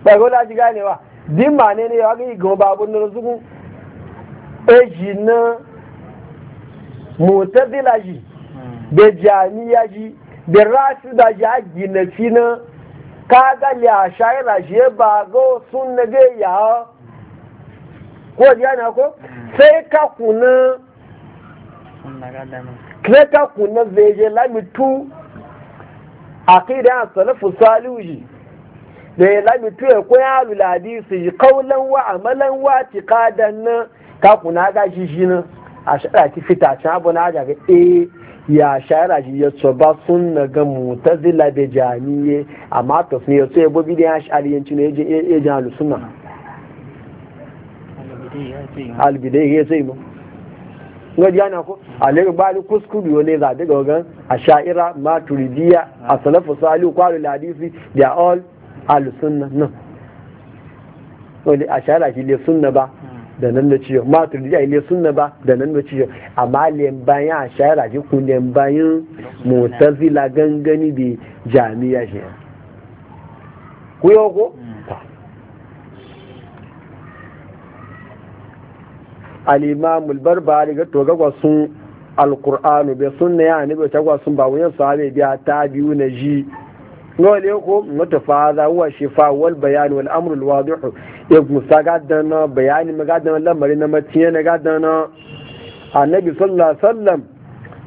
ɓago laji ganewa din ma ne ne ya ga igama babun na zukun eji na mutazila ji da jami'a ji da rasu da ji a na kaga ya shayar shi ba ga sun na ga ya ko ya na ko mm. sai ka kuna kireta kuna zai tu a kai da salafu saluhi da ya tu ya ya luladi su yi kaulan wa malan wa kadan nan ka kuna ga shi shi nan a shaɗa ki fita can abu na ga e ya shara shi ya so ba sun na ga zila da jami'e amma matos ne ya so ya bobi da ya aliyanci ne ya ji alusunan albidai ya sai mu wani yana ko alayyar bani kuskuri wani za daga wagan a sha'ira turidiya a salafu salu kwalu ladisi da are all alusunna nan wani a sha'ira shi le sunna ba da nan da ciyo maturidiya le sunna ba da nan da ciyo amma le bayan a sha'ira shi le bayan mutazila gangani da jami'a shi ku yau ko alimamul barbari ga to gagwa sun al bai be sunna ya ne be tagwa sun ba wuyan sahabe biya ta biyu na ji no le ko mutafaza huwa shifa wal bayan wal amru al wadih ya musaga dana bayani maga dana lamari na matiye na gadana annabi sallallahu alaihi wasallam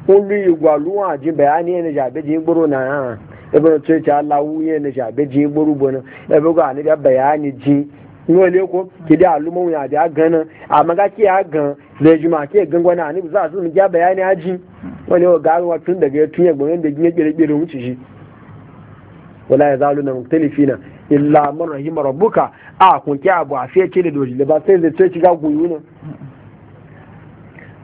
yugalu gwaluwa ji bayani ne jabe ji gboro na ibn ce ta Allah wuye ne jabe ji gboro bona ebe ga ne bayani ji yau ne ko ki da alumon ya da gana amma ga ke ya gan zai juma ke gangwana ne za su mu ja bayani aji wani wa garuwa tun daga ya tunye gwanin da gine gire-gire wuce shi wala ya zalu na muktalifina illa man rahima rabbuka a kun ki abu a fiye ke da doji ba sai zai ce shiga guyu ne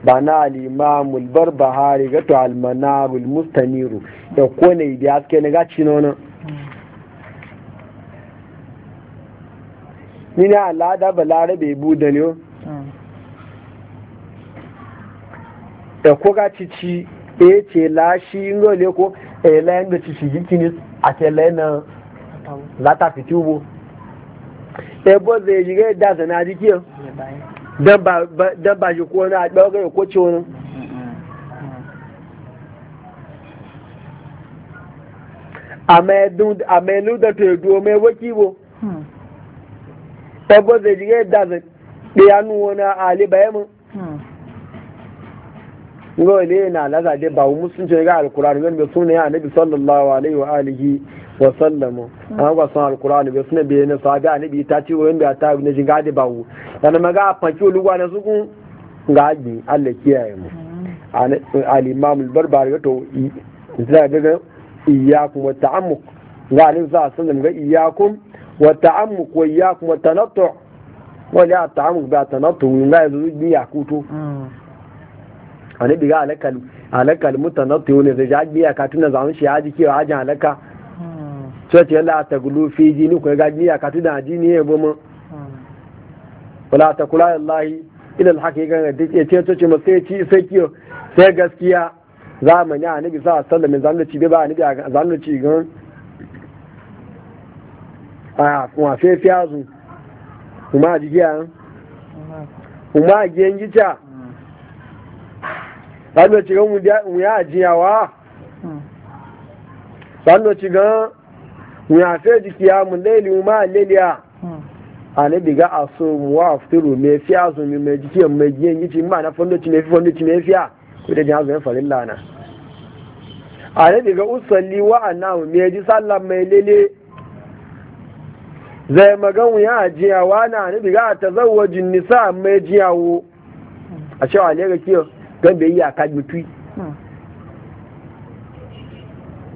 ba na al-imam al-barbahari gato al-manarul mustaniru ya kone da aske na ci nono nínú àláàdá bàlárẹ̀bẹ̀ ìbú dẹni ó hmm. ẹ̀kọ́gá títí èétì láàṣí ńlọ́lẹ́kọ́ ẹ̀lẹ́ẹ̀ndọ̀ títí yìí kí ni àtẹ̀lẹ́nà látàfi tí ó wo ẹ̀bọ́ zèyígẹ́ dàzẹ̀ náà dí kí ọ dẹ́bà yòókù ọ̀nà àgbẹ̀wọ́gẹ́ yòókù tí ó rán àmẹ́lúdẹ̀tò èdò ọmọ ẹwọ́ kí wo hmm. ebo zai jige da zai ɗaya nuwa na ali bayamin ngo ne na laza de ba musun ce ga alquran gan bai suna ya nabi sallallahu alaihi wa alihi wa sallam an ga sun alquran be sunna be ne sa ga nabi ta ci wurin da ta ne jinga de ba wu dan maga fanki uluwa na suku ga ji Allah kiyaye mu al imam al barbari to zai ga iyyakum wa ta'ammuq ga alim za sun ga iyyakum والتعمق وإياكم والتنطع ولا التعمق بها التنطع وما يزوجني يعكوتو annabi ga alakal alakal mutanatti wani zai jaji ya katuna zamun shi haji kiwa hajin alaka sai ce la ta fi jini ko ga ya katuna jini ya bomo wala ta kula lillahi ila alhaqi ga da ce ce to ce mu sai sai kiyo sai gaskiya zamani annabi sallallahu alaihi wasallam zamu ci ba annabi zamu ci gan àfún kuma àzùn ọmọ àjíjẹ́ àrùn ọmọ àjẹ́ ń jíjà lánàtí gan wùn yá àjíyà wá lánàtí gan wùn àfẹ́ jìkì àmù lẹ́lì ọmọ àlẹ́lẹ́ à àlẹ́bì ga àṣọ wà fúrò fi àzùn mi mẹ́jìkì mẹ́jìyàn yìí ti mọ́ àná fọ́ndọ̀tì mẹ́fẹ́ fọ́ndọ̀tì mẹ́fẹ́ à kó dẹ̀ jẹ́ àzùn ẹ̀fọ́ lílànà àlẹ́bì zai magan ya ajiyawa na ni diga ta zawajin nisa mai jiyawo a cewa ne ga kiyo gan bai iya ka mutu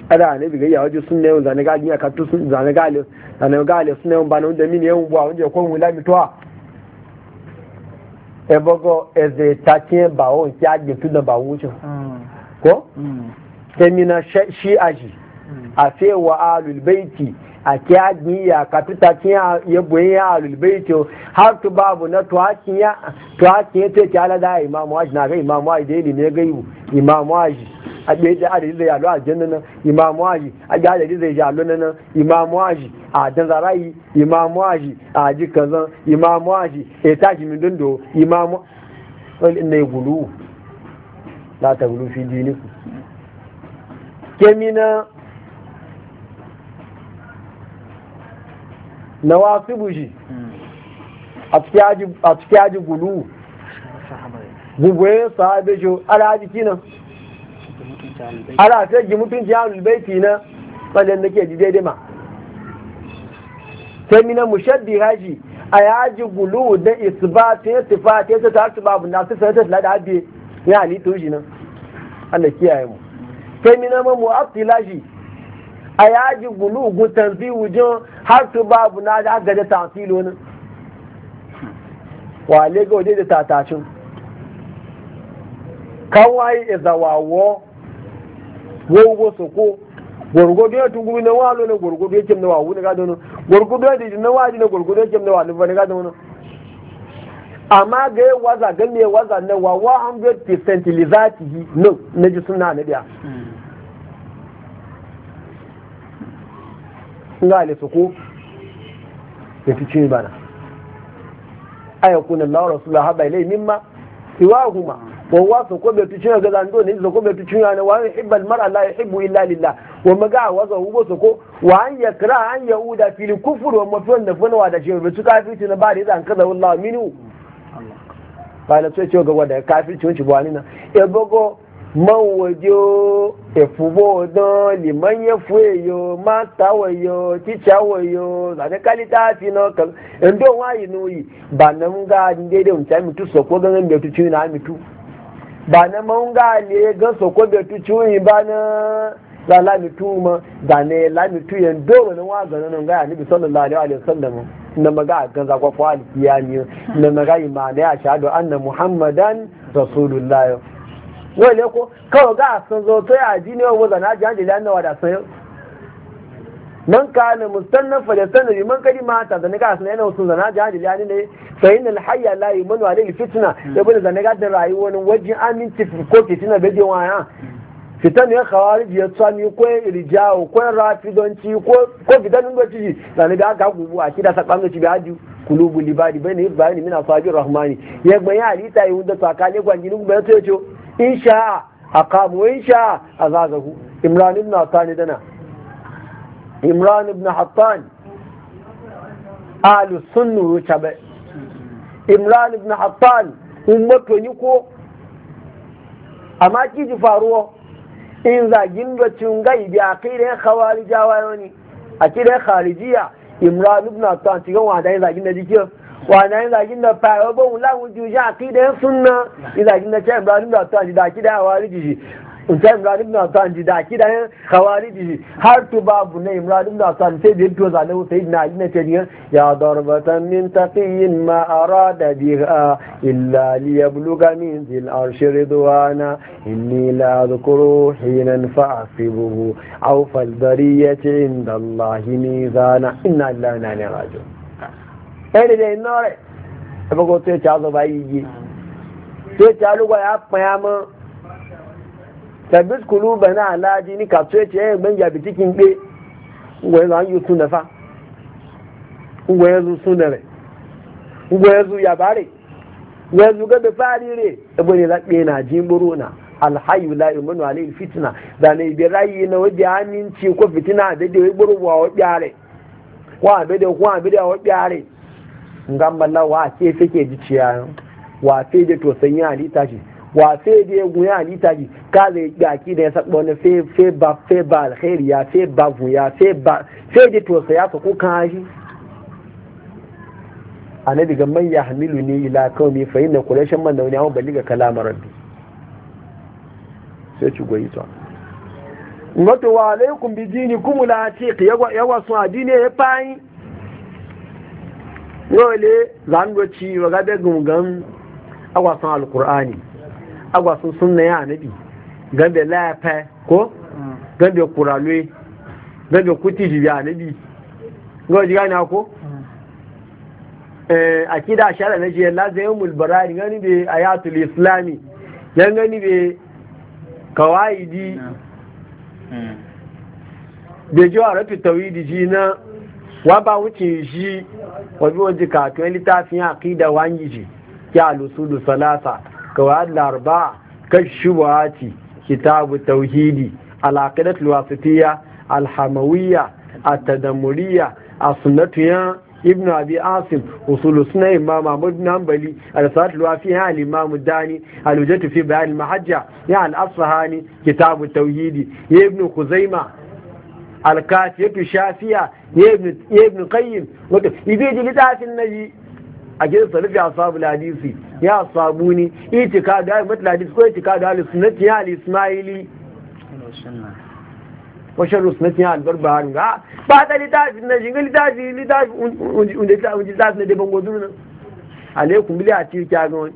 ada ne diga ya waje sunne yau zane ga giya ka tu sun zane ga le zane ga le sunne yau ba nan da mini yau ba wanda ko wula lami toa e bogo e ze takin ba o ki aje tu da ba wuce ko kemina mm. mm. shi aji mm. a fe wa alul baiti a kiya giya ka tuta kiya ya boye ya alulbaito har tu babu na tuwa kiya tuwa kiya to ki ala da waji na ga imamu waji da ne ga yi imamu waji a ɗaya da adadi zai yalo a jinnan nan imamu waji a ɗaya adadi zai yalo nan nan waji a dan zarayi waji a ji kazan waji e min dondo imamu wani ne gulu la ta gulu fi diniku kemina na wasu bushi a cikin aji gulu gugwayen sahabe shi ala haji kina ala ta ji mutunci halul baiti na wadda da ke ji daidai ma sai mina mushaddi haji a yaji gulu da isbatin sifatin ta tarsu babu na su sanata da haɗe ya halittu shi nan Allah kiyaye mu sai mina ma mu'abtila shi a yaji gulugu tanzi wujin har su babu na da aka da tafilo ne wale ga waje da tatacin kawai izawawo wogo soko gorgodo ya tungu na walo na gorgodo ya kem na wawu na gado no gorgodo ya dijin na waji na gorgodo ya kem na walu na gado no amma ga ya waza ga me waza na wawa 100% lizatihi no na ji suna na biya nga le suku da fi ce bana ayakun Allah rasulullah haba ilai mimma siwahuma wa huwa suku da fi ce ga zando ne suku da fi ce ne wa yuhibbu mara la yuhibbu illa lillah wa maga wa za huwa suku wa an yakra an yauda fil kufr wa mafiyan da fana da ce su suka fi ce ba da zan kaza wallahi minu qala sai ce ga wanda kafirci wuce bwani na e bogo man wajo efubo don ma ya fuye yo mata wayo cica wayo zane kalita fi na kan ndo wayi no yi ba na nga ndede mcha tu soko ga ngambe tu chuyi na mitu ba na ma nga le ga soko be tu chuyi ba na la la tu ma zane la tu ya ndo na wa ga na nga ni bi sallallahu alaihi wasallam na maga ga za kwa fa alkiyani na maga imani ashhadu anna muhammadan rasulullah wani ko kawo ga sun ya ji ne wa zana da sun man ka na mustannan da man kadi mata zane sun yana zana ji hanjali ne sai inna alhayya la yumanu alayhi fitna ya bin zane ga da rayuwar wajen aminci ko fitina bai je waya fitan ya khawarij ya tsami ko irjawo ko rafidonci ko ko fitan da ci zane ga ga gubu a kida sakan da ci bi haju kulubu libadi bayna ibani min asabir rahmani ya gban ya ali ta yi da in sha'a a kamu wa in sha'a a zagahu imran ibn hattan dana imran ibn hattan ahlus sunnu wuce bai imran ibn hattan ummato yi ko amma ji faruwa in zagin da cingai bi da khawarijawa ne akidan kharijiya imran ibn hattan cikin wanda ya zagin da jikin wana yin zagin da fayo ba wula wuju ji a kida yin sunna yin zagin da cewa ibrahim da ta da kida ya wari jiji in ta ibrahim da ta da kida yin hawari jiji har tu babu na ibrahim da ta sai da to zalai sai na yi na cewa ya darbatan min taqiyin ma arada biha illa li yabluga min zil arshi ridwana inni la adhkuru hinan fa'asibuhu aw fal dariyati inda allahi mizana inna lillahi wa inna ilaihi raji'un ẹni lè ná rẹ̀ ẹgbẹ́gbẹ́ tó ẹ̀chá ọ̀sọ̀ bá ya mọ́ tẹ̀bí skulu bẹ̀rẹ̀ náà aláàjì ní kàtó ẹ̀chá ẹ̀ gbẹ́ na tí kì í gbé ngwẹ́ ẹ̀ lọ́n yóò sún nẹ̀fà ngwẹ́ ẹ̀ lọ́n sún nẹ̀rẹ̀ ngwẹ́ ẹ̀ lọ́n yàbárẹ̀ ngwẹ́ ẹ̀ ni lápẹ́ náà na alhayu la yumanu alayhi fitna na aminci ko fitina da wa ngamba na wa ke fike ji ciya wa fe je to san ya halitta shi wa fe je gunya halitta shi ka zai ki da ya sabo ne fe fe ba fe ba alkhairi ya fe ba bu ya fe ba fe je to sai ya ku kuka ji annabi ga man yahmilu ni ila kawmi fa inna quraishan man dauni aw baliga kalam rabbi sai ci goyi to wato wa alaikum bi dinikum la atiq yawa yawa su adine ya fayin dole zangoci wa gabe gungan agwasan alkur'ani agwasan sunna ya nabi gabe lafa ko hmm. gabe kuralwe gabe kuti ya anabi goji gani ako hmm. eh da shara na jiya lazayumul barari gani be ayatul islami yan gani be kawaidi hmm. be rafi tawidi ji na. wa ba wuce shi wabi waje katon littafin aqida wangi ji ya lusulu salasa kawai larba kashuwati kitabu tauhidi al-aqidat al-wasitiyya al-hamawiyya at-tadammuriyya as-sunnatiyya ibn abi asim usul sunna imam ahmad Nambali, al-sa'd al-wafiya al-imam dani al-wajh fi bayan al-mahajja ya al-asfahani kitabu tauhidi ibn kuzaima alkafiyatu shafiya ya ibn qayyim wato ibe ji litafin naji a gidan salafi ashabu hadisi ya ashabu ni itika da mutul hadisi ko itika da ahlus sunnati ya al ismaili wa sharru sunnati ya al barbahari ga ba da litafin naji ga litafin litafin unje ta unje ta ne da bango dunu alaikum bil ati ka ga wani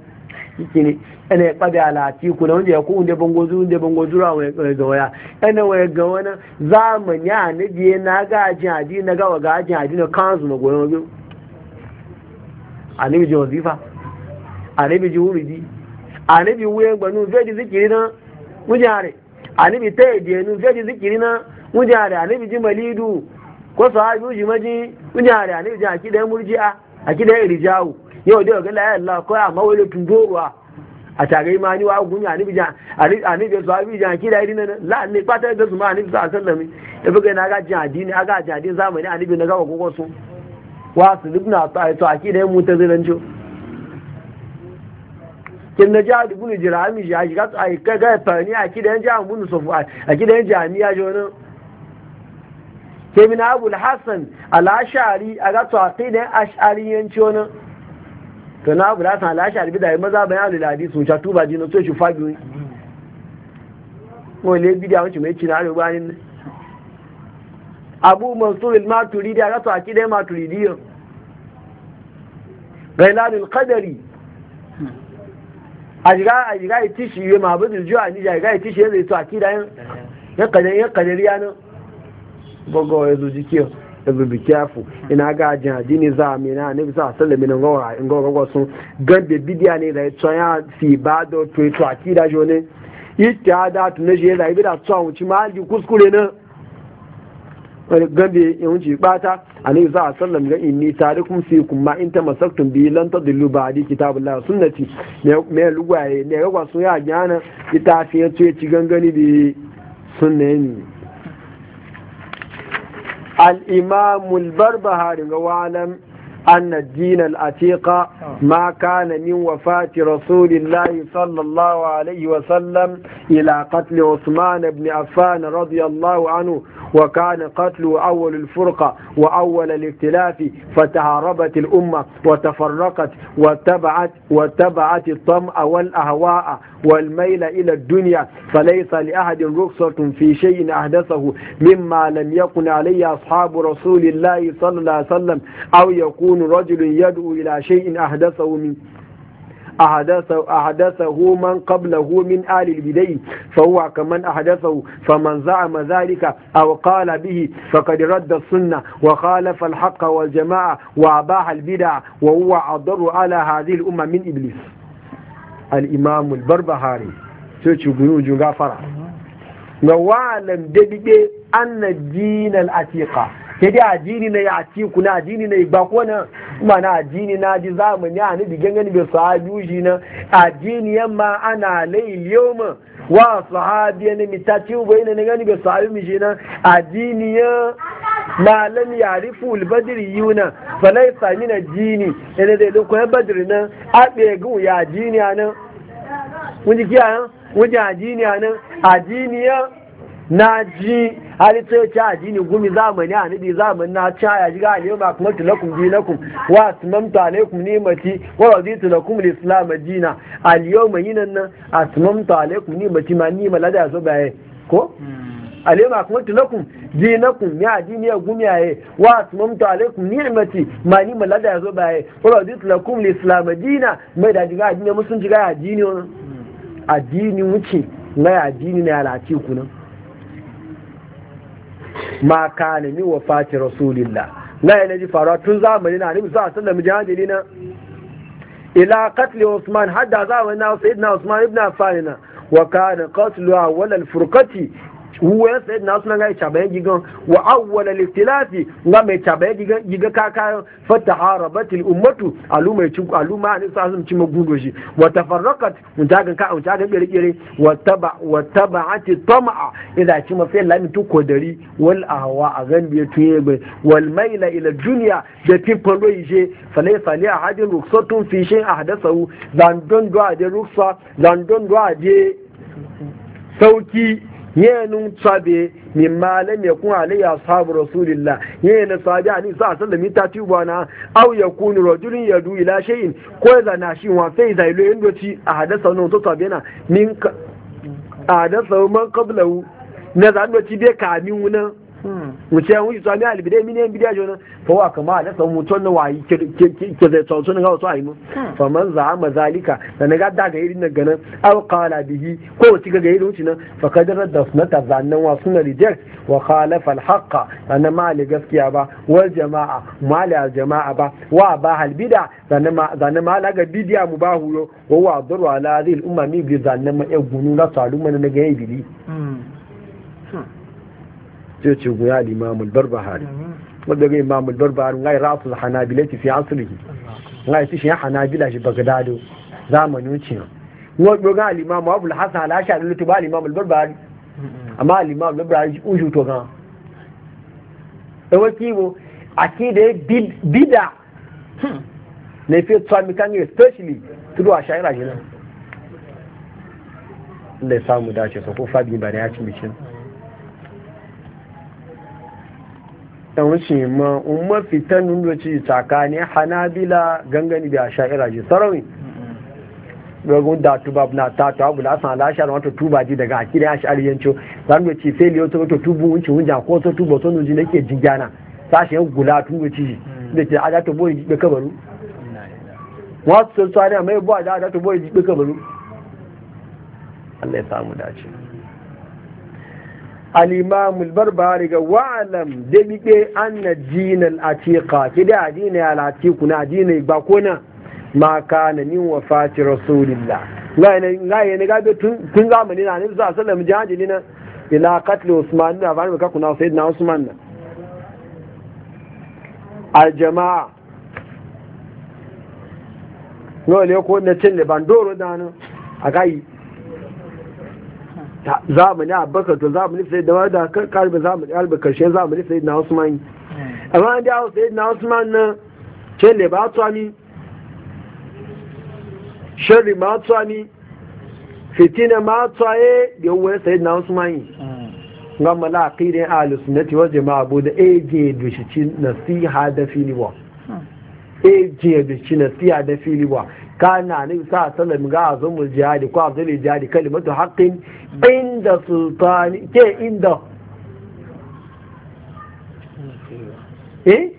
kini ene ya kpabi ala ci kuna wanda ya kuɗin da bango zuru da bango zuru a wani ga waya ene waya ga wani zamani a na biye na ga ajin aji na ga waga ajin aji na kansu na goyon biyu anabi ji ri, anabi ji wuridi anabi wuyan gbanu feji zikiri na wujare anabi ta yadda nu feji zikiri na wujare anabi ji malidu ko sahabi uji maji wujare anabi ji akida murji'a akida rijawu yau dai ga la Allah ko amma wai tun doruwa a tare ma ni wa gunya ni bijan ani da zuwa bijan ki da irin la ne fata da zuma ani sa sallami da buga na ga jadi ne aga jadi zamani a ani na ga gogo su wa su libna ta to da mu ta jo? kin na jadi bunu jirami ya shiga ai ka ga ki da yan jami bunu sofu akida yan jami ya jono kemina abul hasan al ashari aga to akida jo wannan to na abu lasan alashi albida yi maza bayan alula hadisi sun shatu ba jino so shi fagi wani wani lebi da wancin mai cina arewa ne abu mansur al-maturidi a rasu aki da maturidi yau gailanin kadari a jira a jira ya tishi yi ma abin juwa a nija shiga ya tishi ya zai su aki da yan kadari ya kadari ya nan bugawa ya zo jikiyar ebi ina ga ajin ne za a mena ne bisa a sallami na ngawar sun gambe bidiya ne da ya ya fi ba da tuwetu a kida shi ne ita ya da tuna shi ya zai bi da tsohon wuce ma mahalgi kuskure na gambe ya wuce bata a ne za a sallam ga inni tare kuma sai kuma in ta masaktun biyu lan ta dillu ba adi kitabun la sunnati me lugwaye ne ga kwaso ya gyana ita fiye tuye ci gangani da sunna ne الإمام البربهاري وعلم أن الدين العتيق ما كان من وفاة رسول الله صلى الله عليه وسلم إلى قتل عثمان بن عفان رضي الله عنه وكان قتله أول الفرقة وأول الاختلاف فتعربت الأمة وتفرقت واتبعت, واتبعت الطمأ والأهواء والميل إلى الدنيا فليس لأحد رخصة في شيء أحدثه مما لم يكن عليه أصحاب رسول الله صلى الله عليه وسلم أو يقول yakunu rajulun yad'u ila shay'in ahdathahu min أحدثه من قبله من آل البدع فهو كمن أحدثه فمن زعم ذلك أو قال به فقد رد السنة وخالف الحق والجماعة وأباح البدع وهو أضر على هذه الأمة من إبليس الإمام البربهاري سيتشو جنوج غفرة وعلم دبيبي أن الدين العتيقة sai dai ajini na ya ci kuna ajini na ba ko na kuma na ajini na ji zamani a nabi gangan bai sahabi shi na ajini yamma ana lai yoma wa sahabi ne mi ta ci ubai ne gani bai sahabi mi shi na ajini ya malam lam yarifu albadri yuna falai samina jini ne dai kuma badri na a gu ya ajini anan mun ji kiyaye mun ji ajini anan ajini ya na ji ta a jini gumi zamani a nabi zamani na ca ya shiga aliyu ma kuma tulakum dinakum wa atmamtu alaikum nimati wa raditu lakum al-islam dina aliyu ma yinan nan atmamtu alaikum nimati ma ni malada so baye ko hmm. aliyu ma kuma tulakum dinakum ya ji ya gumi yaye wa atmamtu alaikum nimati ma ni malada so baye wa raditu lakum al-islam dina mai da shiga ne musun shiga addini hmm. addini wuce ngai addini ne alaci kunan ma kane ni wafati rasulillah la yana ji faruwa tun zamani na nabi sallallahu alaihi wasallam na ila qatl usman hadda zamani na sayyidina usman ibn affan wa kana qatlu awwal al wuwa sai na suna ga chabe gigan wa awwala liftilafi nga mai chabe gigan giga kaka fataharabat al ummatu aluma ci aluma ne sa sun ci magugo shi wa tafarraqat mun ka mun ta ga bere bere wa taba wa tabaati tama idza ci mafi lami tu kodari wal ahwa a gambe tuye bai wal maila ila dunya da pipon royi je falai fali a hadin ruksatun fi shin ahdasahu zan don do a je ruksa zan don do a je sauki yenun sabe min malam ya kun alayya ashabu rasulillah yenun sabe ani sa san da mi ta ci bana aw yakun rajulin yadu ila shay'in ko da na shi wa sai da lo yendo ci a hadasa no to sabe na min a hadasa man qablahu na zan ci be kamin wunan wuce yan wuce tsami albidai mini yan bidiyar jona fa wa kama da san mutum na wayi ke zai tsawon sunan hausa a yi fa man za a mazalika da na gada ga irin na ganin aw qala bihi ko wace ga irin wuce nan fa kadar da sunata zannan wa suna reject wa khalafa al da na ma gaskiya ba wal jama'a ma ali al jama'a ba wa ba halbida da na ma ga bidiya mu ba huyo wa wa durwa la zil umma mi bi zannan ma gunu na salu mana na ga ibili zai ce guya limamul barbahari wadda ga imamul barbahari ngai rasul hanabila ti fi asrihi ngai ti shi hanabila shi bagdado zamanin cin wadda ga limamu abul hasan alashi a lutu ba limamul barbahari amma limamul barbahari uju to ga kan da wakibo akida bida hmm. na fi tsami kan especially through a shaira shi nan da samu dace sa ko fadi ba ya ci mishin wuce ma umma fitan nuno ci tsakanin hanabila gangani da sha'ira ji sarawi gagun da tuba na ta ta abu la san lashar wato tuba ji daga akira ya sha'ar yanco zan da ci sai liyoto wato tubu wuce wunja ko so tuba so nuji ke jigana sashen gula tuba ci da ke ada to boy kabaru wasu sun tsari mai buwa da to boye jiɓe kabaru Allah ya samu dace al-imam al-barbari ga wa'alam da bike anna jinal atiqa kida adina ya latiku na adina ba kona ma kana wa Fati rasulillah ngai yana ne gabe tun zamani na nabi sallallahu alaihi wasallam jahili na ila qatl usman na ba ka kuna sayyidina usman na al-jama'a no le ko ne cin le bandoro dano akai zamani abubakar to zamani sai da da kan karbe zamani alba karshe zamani sai na usman eh. amma an dawo sai na usman na ce ba tuwa ni shirri ma tuwa ni fitina ma tuwa aye da yawon sai na usman eh. a malaki ne alisun na tiwa jamaa bu da eje dushi nasiha da filiwa eje hmm. dushi nasiha da filiwa kana nabi sa sallam ga azumul jihadi ko azumul jihadi kalimatu haqqin inda sultani ke inda eh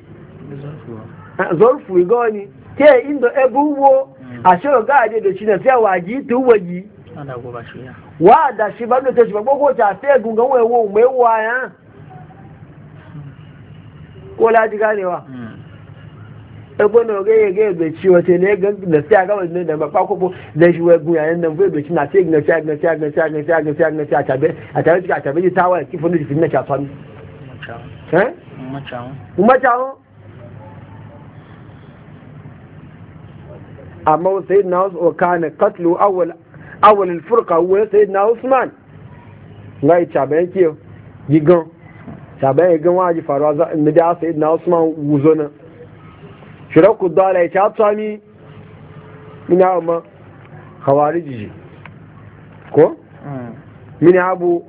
zorfu igoni ke inda ebuwo a shiro ga aje da shine wa da shi ba da shi ba ko ta sai gungan wewo mai waya ko ganewa ebo na oge yege ebeci wace ne ga da sai ga wannan da ba bo shi wai gunya nan nan bai na sai ga sai ga sai ga sai ga sai ga sai ga sai ga tabe a tabe ji tawa ki fundu fi na ka fami eh machawo machawo amma sayyidina Usman kana awwal awwal al-furqa sayyidina Usman ngai tabe yake gigan tabe gigan waji faruwa da sayyidina Usman shirar kudala ya ci mini abu ma hawari jiji ko? Hmm. mini abu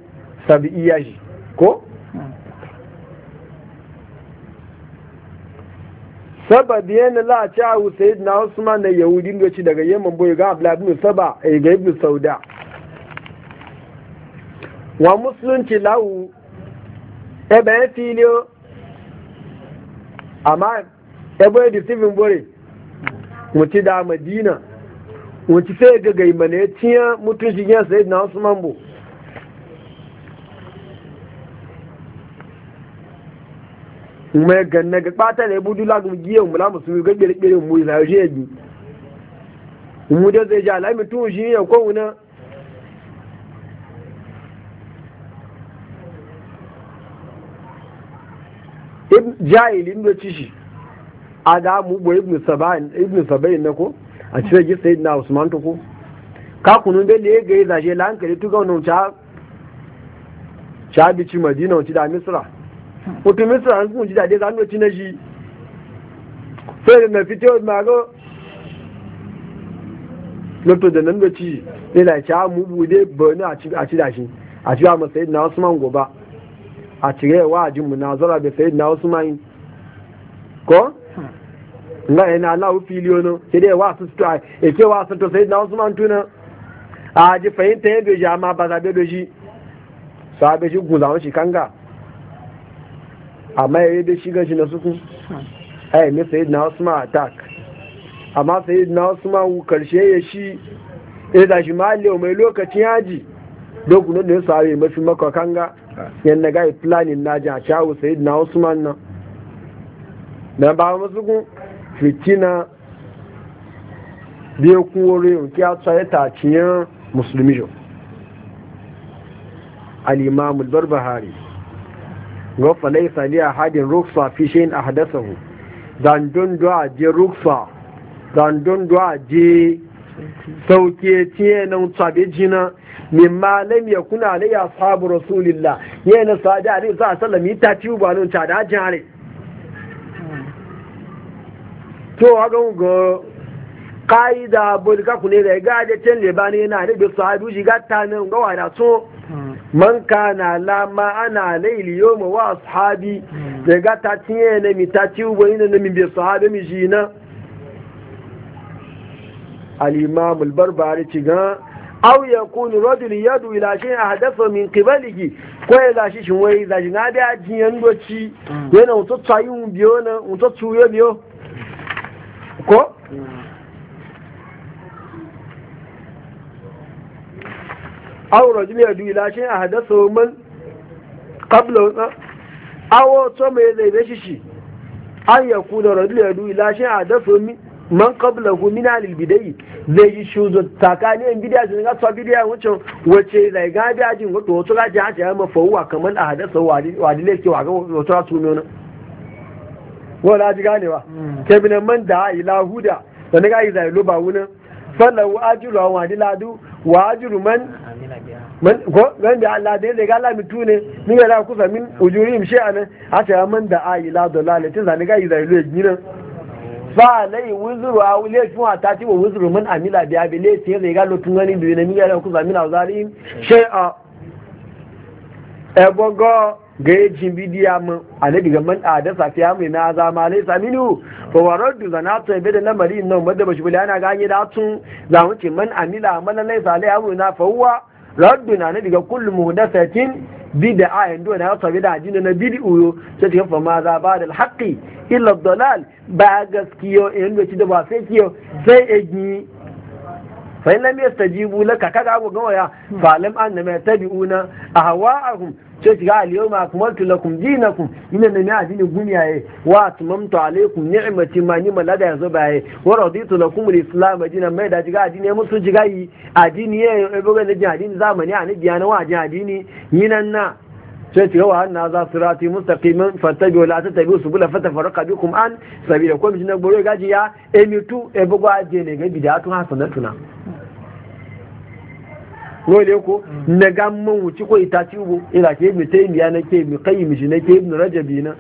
iya ji ko? Hmm. sababi yana la ci ahu sayid na wasu da yahudin da ci daga yamman boye ga abdullahi saba a eh, ga ibn sauda wa musulunci lawu ebe ya filiyo amma ebe da sifin bore wuce da madina wuce sai ga gaima ya tiya mutum shi gina sayid na wasu mambo kuma ya ganna ga kpata ne ya budu lagun giyan mula musu ga kirkiri mu ya sayo shi ya mu da zai ji alamin tun shi ne ko wuna jahilin da ci shi Ada mu bo ibn sabain ibn sabain nako ko a cire gi sayyidina usman to ko ka kunun be le ga da je lan kare tuga wannan cha cha bi ci madina wanci da misra mutum misra an kun ji da dai no wanci na shi sai na fito ma go? lotto da nan ci ne la cha mu bude na a ci a ci da shi a ci ma sayyidina usman ba a cire wa ajin munazara da sayyidina usman ko nga yana Allah fili ono sai dai wasu to e ke wasu to sai na Usman tuna a ji fahimta yadda ya amma ba za be do shi sabe shi guza shi kanga amma yayi da shiga shi na su suku ai me sai na Usman attack amma sai na Usman karshe ya shi eh da shi malle mai lokacin yaji dokunan da ya sabe mafi maka kanga yanda ga planning na ji a chawo sai na Usman nan dan ba musu kun fitina biye kuwore ki a tsaye taciyan musulmi jo al-imam al-barbahari ga falai sali a hadin ruksa fi shayin a hadasahu dandun duwa je ruksa dandun duwa je sauke tiye nan tsabe jina mimma lam yakuna alayya ashabu rasulillah yana sadi alayhi sallam yi ta ci ubanin ta da jare to wa gan go kaida bol ka kune da ga da can le bani na da bi sahabu shi ga ta nan ga wada so man kana la ma ana laili yawma wa ashabi da hmm. ga ta tiye ne mi ta ci ubo ne mi bi sahabi mi na al-imam al-barbari ci ga aw yakunu rajul yadu ila shay ahdatha min ko shi shin wai da da na ko aw rajul yadu ila shay ahdathu man na aw to me zai da shishi. an da rajul yadu ila shay ahdathu min man qabla hu min zai yi shuzo takani en bidiya sun ga tsabi bidiya wucin wace zai ga bidiya wato wato ga ji haja ma kamar ahdathu wadi wadi lake wa ga wato su wala ji ganewa ke bin man da ila huda da ga yi zai loba wunan falahu ajru wa diladu wa ajru man man ko man da Allah da zai ga Allah tune, min ga kusa min ujurim shay'an hatta man da a ila dalalatin zani ga yi zai lo ginan fa lai wuzuru a wule tun a tati wa wuzuru man amila biya bi le tiye zai ga lotun gani biyu ne min ga kusa min azarim shay'a ebogo ga yajin bidiya mun a na diga man da safiya mai na zama lai saminu wa warar du na ta yabe da lamari nan wadda bashi bula yana ganye da tun zamu ce man amila amalan lai sa lai amri na fa huwa na na na diga kullu da bid'a yanzu na ta da jin na bid'u yo ta diga fa ma za ba da haqqi illa dalal ba gaskiyo yanzu ci da ba sai kiyo sai egi fa in lam yastajibu laka kaga go ga waya fa lam an ma tabi'una ahwa'ahum ce ga al-yawma akmaltu lakum dinakum inna na adini gumiyaye wa tumamtu alaykum ni'mati ma ni malada yazo baye wa raditu lakum al-islam dinan mai da ga adini mun sun ji gayi adini ye ebo ga ne adini zamani ani biyana wa adini yinan na sai ce yawa hannu za sirati mustaqiman mustaqimin fattabi wala ta tabi su bula fata faraka bikum an sabila ko mijin na gboro gaji ya emitu e bugo je ne ga bidatu hasanatuna wole ko na gamman wuci ko ita ci ubu ila ke mi ya na ke mi kai mi na ke ibn rajabi na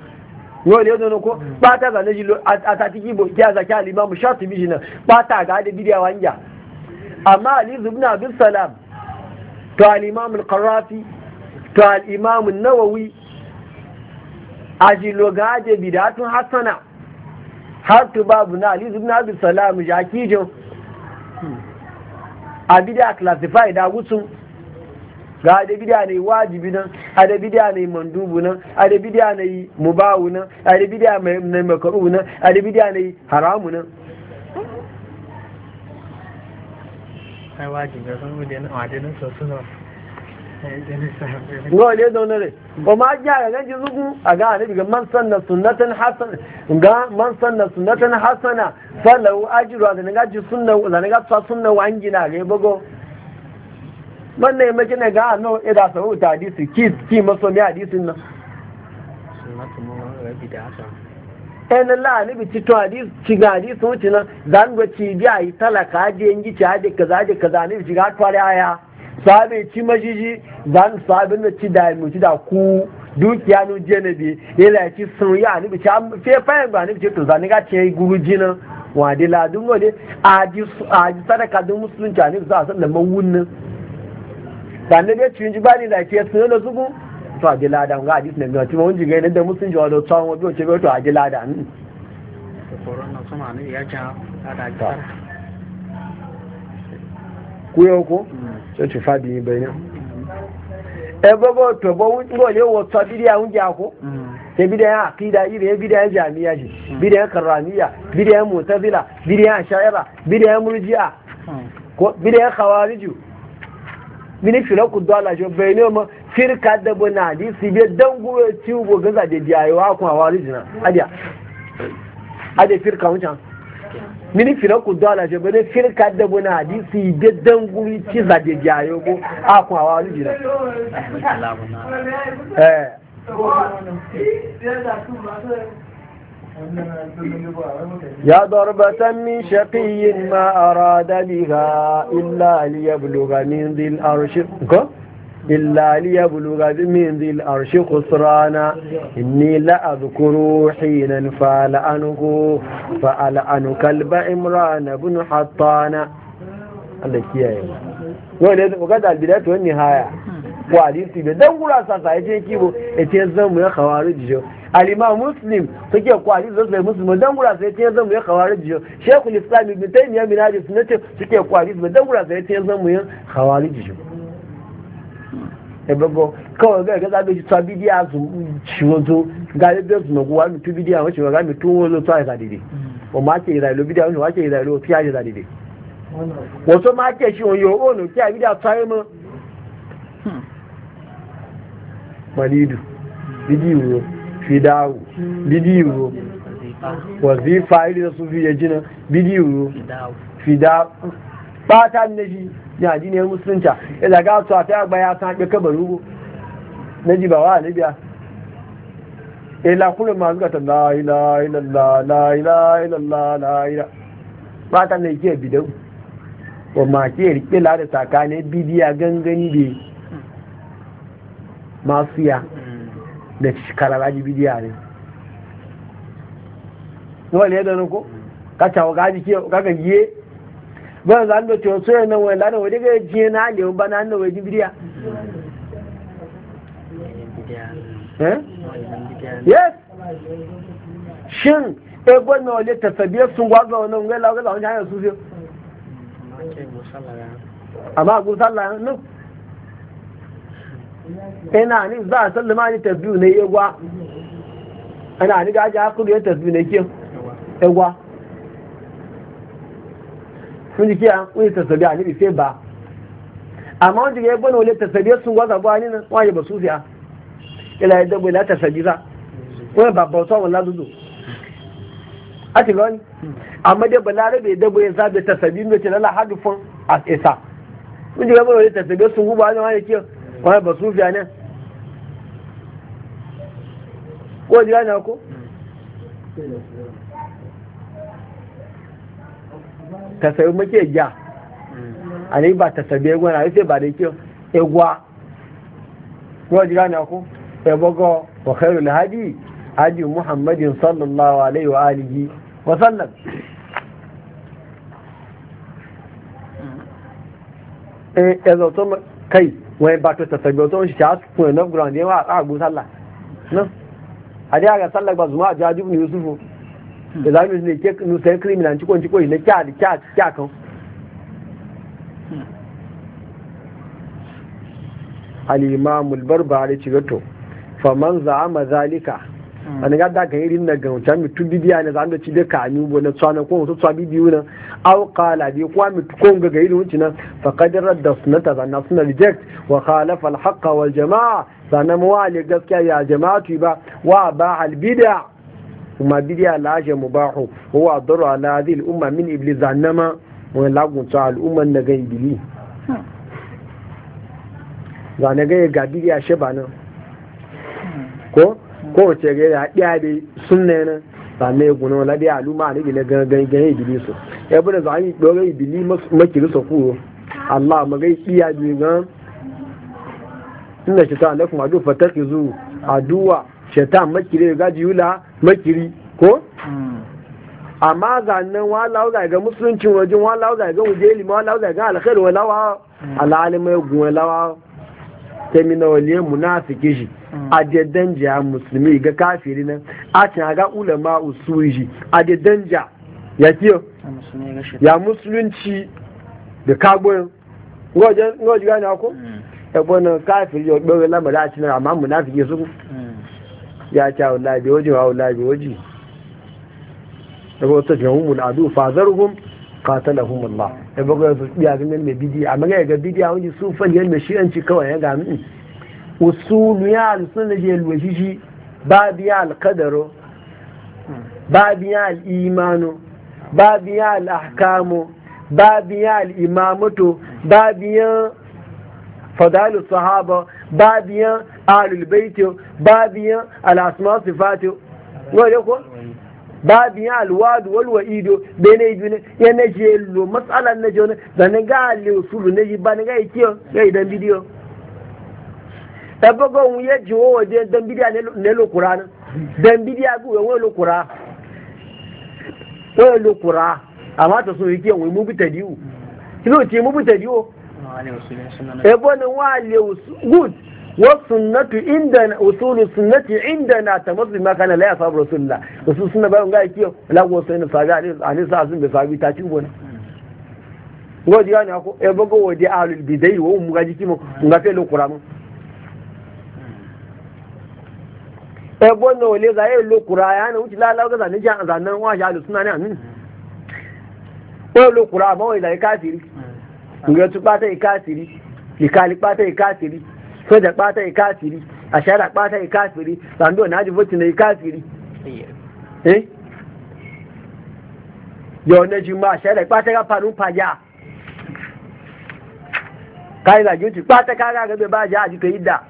wole don ko ba ta ga jilo a ta tiki bo kiya zaki al-imam shatibi na ba ta ga da bidiya wanja amma ali ibn abdul salam to al-imam al-qarafi to al-imam an-nawawi ajilo da bidatun hasana har tu babu na ali ibn abdul salam jakijin a bidiya classify da gutsun ga da bidiya ne wajibi nan a da bidiya ne mandubu nan a da bidiya ne mubawu nan a da bidiya ne makaru nan a da bidiya ne haramu nan ai wajibi ga sun wajenin sosu nan nawa ne zaune rai ba ma ji a ganci zugu a ga hannu ga man sanna sunnatan hasana ga man sanna sunnatan hasana falahu ajiru a zanaga ji sunna zanaga tsa sunna wa angina ga bago man ne maki ne ga hannu idan e sahu ta hadisi ki ki maso mi hadisin nan ɗan la ni bi cito hadisi ci ga hadisi wuce nan zan ga ci biya yi talaka hadi yanki ci hadi kaza hadi kaza ni bi ci ga aya sabe ci majiji zan sabin da ci da mu ci da ku dukiya nu jene bi ila ci sun ya ni bi ci am fe fa ba ni bi to zan ga ci guru jina wa de la dun sadaka dun musulunci ani za san da man wunnin dan ne bi ci ji ba ni da ke sun su to a la dan ga ne ci mun ji ga da musulunci wa da tsawon wa bi ce to sama ne ya ja da da ku yau ko mm. tó ti fàbí ibẹ̀ yẹn ẹgbẹ́gbẹ́ tọ̀gbọ́ wọ́n lè wọ tọ́ bí díẹ̀ jẹ́ àkó ṣe bídí àkídà yìí bí díẹ̀ àwọn jàmíyà jì bídí àwọn kàràmíyà bídí àwọn mùtẹ́bílà bídí àwọn àṣàyàrà bídí àwọn múrùjíà bídí àwọn kàwáríjù bídí fìlọ́kù dọ́là jọ bẹ̀rẹ̀ ní ọmọ dabo na bí dangowe tí ó àyẹ̀wò àkùn náà adìyà adìyà mini firan ku dala je bane firka da buna hadisi daddan guri ci za de jayo ko a kun hawa wani jira eh, eh. يا ضربة من شقي ما أراد بها إلا ليبلغ من ذي الأرش illa li yabluga min dhil arshi khusrana inni la adhkuru hina fala anhu fa ala anu kalba imran ibn hattana Allah kiyaye yau ne ga da albidatu wani haya wa hadisi da dan gura sa sa yace kibo yace zan mu ya khawarij jo al-imam muslim suke ko hadisi da sai muslim dan gura sa yace zan mu ya khawarij jo shaykhul islam ibn taymiyyah min hadisi sunnati take ko hadisi dan gura sai yace zan mu ya khawarij jo ebogo kawai ga gaza bai ta bidiya su shiwozo ga bai su magu wa mutu bidiya wa shiwa ga mutu wozo ta ga dide o ma ke irailo bidiya wani wa ke irailo fiya ji da dide wato ma ke shi wani yoro no fiya bidiya ta yi mu malidu bidiyo fidawu bidiyo wazifa iri da su fiye jina bidiyo fidawu bata na ji ya ji ne musulunta ila ga su a ta gba ya san ka baru na ji ba wa alibiya ila eh, kullum ma zuka ta la ila ila la la ila ila la la ila bata ne ke bidau wa ma ke rike la da sakane bidiya gangani be ya da kararaji bidiya ne wani yadda nan ko ka cawa gaji ke kakan yi ban za da na soya nan na, lana wani ga ejiye na alewun ba na hannun wai jibriya yes shin ebo na wale tafabiyar sun gwaza wani wani lagos a wani hanyar su zai amma a gusalla nan ina ni za a sallama ni tasbiyu na egwa ana ni ga aji hakuru ya tasbiyu na ke egwa sun ji kiya sun yi tasabi a nabi sai ba amma wanda ya bane wale tasabi sun gwaza ba ni nan wani ba su ila ya dabo ila tasabi za wani ba bauta wani ladudu a ti gani amma dai ba larabe dabo ya zabe tasabi mai ce hadufin a isa sun ji ya wale tasabi sun guba wani wani kiya wani ba su fiya ko ko tasabi muke gya mm. a ne ba tasabi egwa na rufe ba da ke egwa yau jira ne ku ebogo wa khairul hadi hadi muhammadin sallallahu alaihi wa alihi wa sallam mm. eh ezo to kai wani ba to tasabi to shi ta kuma na ground yawa a gusallah no a ga sallah ba zuma a jaji ibn yusufu da za mu ne ke sai criminal ci kwanci kwanci na kya da kya kya kan al-imam al-barbari ci gato faman za'ama zalika hmm. an ga da kan irin daga wancan mutu bibiya ne za da ci da kanu bo na tsana ko wato tsabi biyu nan aw qala bi kwa mutu ko ga ga irin wancan fa qad radda sunnata zanna sunna reject wa khalafa al-haqq wal jamaa sanan wa gaskiya ya jama'atu ba wa ba al-bid'a kuma bidiya laje mubahu huwa daru ala hadhihi al umma min iblis annama wa lagun ta al umma na ga ibili zane ga ga didi a sheba na ko ko ce ga ya dia bi sunne ba ne guno la al umma ne ga ga ga ibili so ya bu da zani dore ibili makiri so ku Allah ga iya bi ga inna shaitan lakum adu fatakizu aduwa shaitan makiri ga jiyula makiri ko hmm. amma ga nan wa lauza ga musuluncin wajen wa lauza ga wuje lima wa lauza ga alkhairu wa lawa hmm. alalimai guwa lawa ta mina waliye munafiki shi hmm. a jaddan ja musulmi ga kafiri nan a can ga ulama usuri shi a jaddan ja ya kiyo ya musulunci da ngoje ga gani ko ebe na kafiri ya ɗaure lamarin a cikin amma munafiki su ya ce hau labi waje hau labi waje daga wata jahumul adu fazarhum hun Allah da bago su biya ga mai bidi amma ga ga bidi a wani sun fal mai shiranci kawai ya gami mun usul ya al-sunna je al-wajiji babu ya al babi ya al babi ya al babi ya al'imamato, babi ya fadalus sahaba babi ya ahlul babiyan al'asma sifatu wani ko babiyan alwadu walwa ido bai na ibi ya je lo matsalar na je wani da na ga leusulu na ji ba na ga yi kiyo ya idan bidiyo tabbaga wun ya jiwo waje dan bidiya ne lokura nan dan bidiya ga wani lokura amma so ta ta ebo ni wa leusu good wasu inda na usulu sunnati inda na ta mazu ma kana laya sabu rasulla wasu suna bayan ga kiyo lagu wasu yana sabi ani sa sun bai sabi ta ci gona wajen yana ko e bago waje alul bidai wa mu ga jiki mu ga fe lo kurama e bono le ga e lo ya na uti lalawa ga zanin a zanin wa ja lu suna ne amin o lo kurama wa da kafiri ngai tu pata kafiri ikali pata kafiri soja ɓata ya kafiri a shara ɓata ya kafiri sando na ji votin ya kafiri eh yau na ji ma a shara ɓata ya faru faja kayi la jinti ɓata kara gabe ba ja ji ka yi da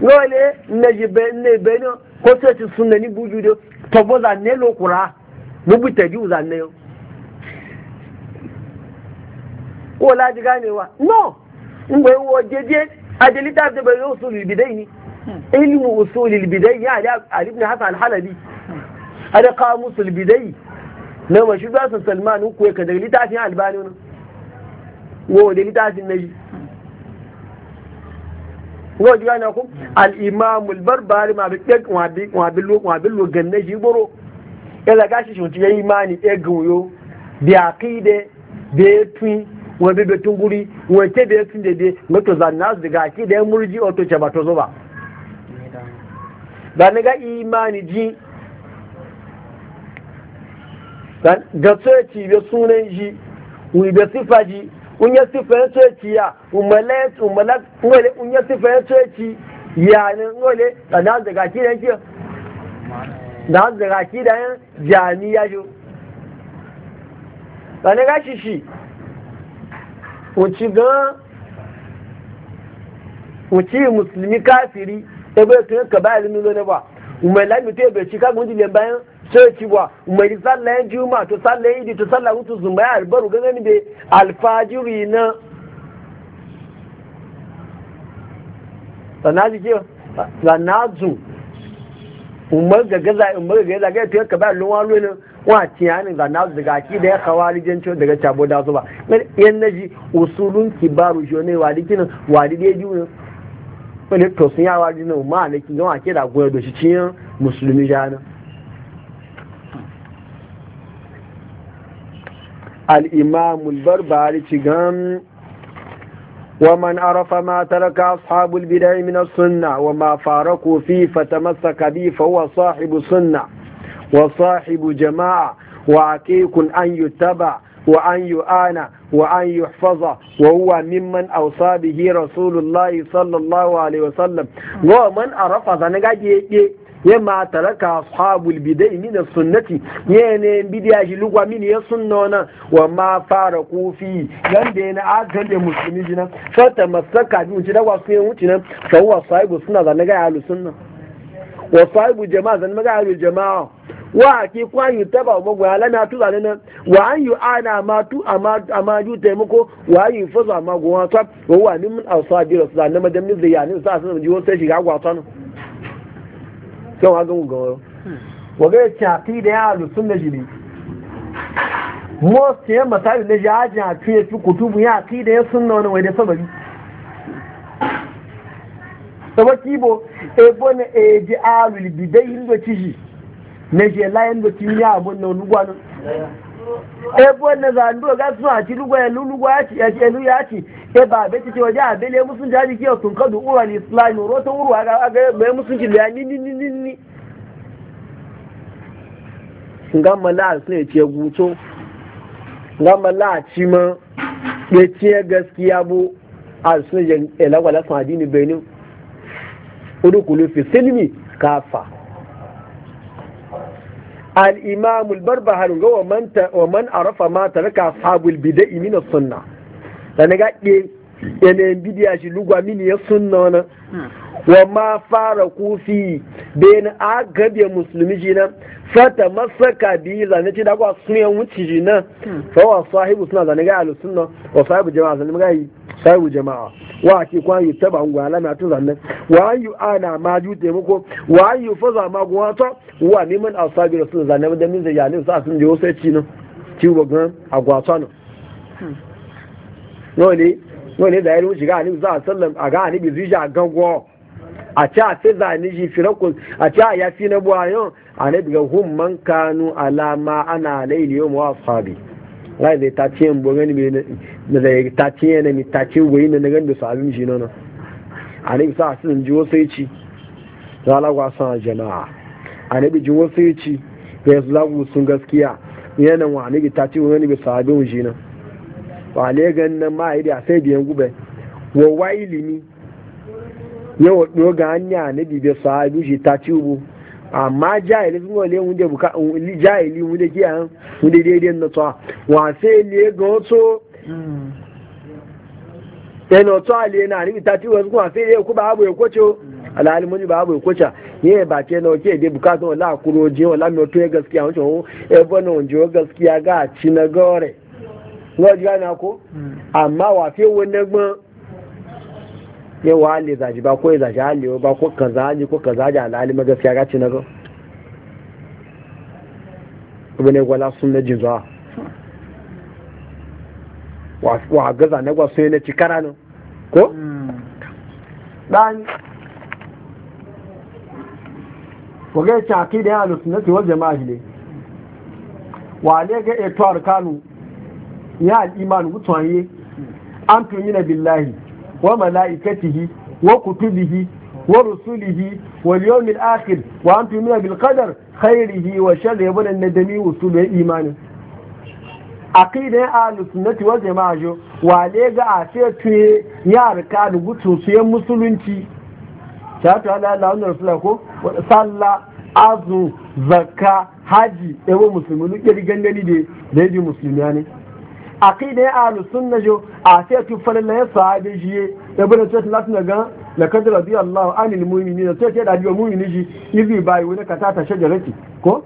lole na ji ne beno ko sai ci sunna ni buju do to bo za ne lokura mu bi ta ji za ne yo ko la ji ganewa no ngwai wo jeje a da littafi bai yi usulul bidai hmm. ilmu usulul bidai ya ali ibn hasan al-halabi hmm. ada qamusul bidai na mashi ba su salman hmm. ku ka da littafin albani ne wo da littafin naji wo ji gane ku al-imam al-barbari ma bi kek wa bi wa bi lo wa bi lo ganne shi boro ya daga shi shi imani e guyo bi aqide bi tun wani bebe tunguri wani kebe yasin dede mato zanna su daga ake da ya murji wato ce ba to zo ba ba na ga imani ji ga tsoci e be sunan ji wani be sifa ji un e e ya sifa ya tsoci ya umale un ya sifa ya ci, ya ne ngole zanna su daga ake da yake da su daga ake da yan ya jo ba na ga shi shi wuci ga wuci musulmi kafiri ebe tun ka ba ilimi ne ba umar lami to ebe ci kagun jile bayan sai ci ba umar yi sallayen juma to sallayen idi to sallayen hutu zumba ya albaru ga ni bai alfajiri na sanaji ke sanazu umar ga gaza umar ga gaza ga tun ka ba ilimi wani wa tiyani ga nasu daga ki da ya kawari janco daga cabo da su ba yan naji usulun kibaru rushe ne wadi kinan wadi dai juna. wani to sun yawa jinin ma na kin gama ke da goya da shi ciyan musulmi jana al-imam al-barbari cigan ومن عرف ما ترك أصحاب البدع من السنة وما فارقوا فيه فتمسك به فهو صاحب السنة وصاحب جماعة وعكيك أن يتبع وأن wa وأن يحفظ وهو ممن أوصى به رسول الله صلى الله عليه وسلم ومن عرف ذنقاجي yamma taraka ashabul bidai min sunnati yene bidiya shi lugwa min ya sunnona wa ma fara kufi dan da yana adan da musulmi jina fa masaka bi da wasu yan wuce nan fa wa sahibu sunna zanaga ahlus sunna wa sahibu jama'a zanaga ahlul jama'a wa ake kwanyi taba magwa na tu zalana wa an yi ana ma tu ma ju taimako wa an yi fasu amma Wa ta wa wa ni mun ausa bi rasu da nama dan mizda ni sa hmm. sun ji wasu shiga gwata nan sai wa ga ga wa ga chafi da ya sun sunna jini most ya masali da jaji a tuye fi kutubu ya ki da ya suna wani wai da sababi sabaki bo ebo na eji alu bidai hindu ciji na je layan da tun ya abun na lugwa nan ebo na zando ga sun a ci lugwa ya lugwa ya ci ya ci elu ya ci e ba be ci waje a bele musun jaji kiyo tun kadu uwa ni islam ro to uru aga ga be musun ki ya ni ni ni ni ni ngamma la sun ce guto ngamma la ci ma be ce gaskiya bu a sun je elawala sun adini benin udukulu fi silmi kafa الإمام البربهار ومن ومن عرف ما ترك أصحاب البدع من السنة لأنك yanayin bidiya shi lugwa mini ya sunna wani wa ma fara kufi bayan a gabe musulmi shi nan fata masaka biyu zane ce da kwa sun yan wuce shi nan fa wa sahibu suna zane ga alusunna wa sahibu jama'a zane ga yi sayu jama'a wa ke kwan yi taba ngwala na tun zanne wa yi ana ma ju muku wa yu faza ma gwata wa neman asabi rasul zanne hmm. da min zai yanin sa sun je wasu ci ci agwata nan nole nole da yayin shiga sallam a ga a ci a sai zane a ci a ya fi na buwa a na daga hun man kanu alama ana laili yau zai ta ce yin da zai tace yana mi tace wai na nagan da sabin shi na. anabi sa sun ji wasu yaci zala kwa san jama'a anabi ji wasu yaci ya lagu sun gaskiya yana wa anabi tace wani bi sabin shi nan ba ne gan nan ma yi da sai biyan gube wa wayi limi yau do ga hanya anabi bi sabin shi tace ubu amma jahili sun wale mun da buka jahili mun da kiyan mun da daidai na tsawa wa sai le ga wato yana na anibi ta a kuma sai ya ku ba abu ya kwace alhali mun ba abu ya kwace ne ba ce na oke dai bukatun wala kuro je wala mi ya gaskiya wancan ho e bana ci na gore ji na ko amma wa fi wani gbon ya wa zaji ba ko zaji ali ba ko kaza ni ko kaza na gore amma gwala wa gaza na gwaso ne ci kara nan ko? dan kogai caki da yana lusun nasi wajen mahile wa ne ga eto arkanu ya al'imanu mutuwan yi an tuni na billahi wa mala'ikatihi wa kutubihi wa rusulihi wa liyomin akhir wa an tuni na bilkadar khairihi wa shan da yabunan na dami usulun imanin aqida ya ahlus sunnati wal jama'a jo le ga a ce tuye ya rika da gutun su yan musulunci ta ta la la wannan rasul ko salla azu zakka haji ewo musulmi lu kiri gangani de da yaji musulmi ne aqida ya ahlus sunna jo a ce tu falalla ya sahabe jiye ya bada ta na ga la kad radiyallahu anil mu'minin ta ce da biyo mu'minin ji izi bai wani kata ta shajarati ko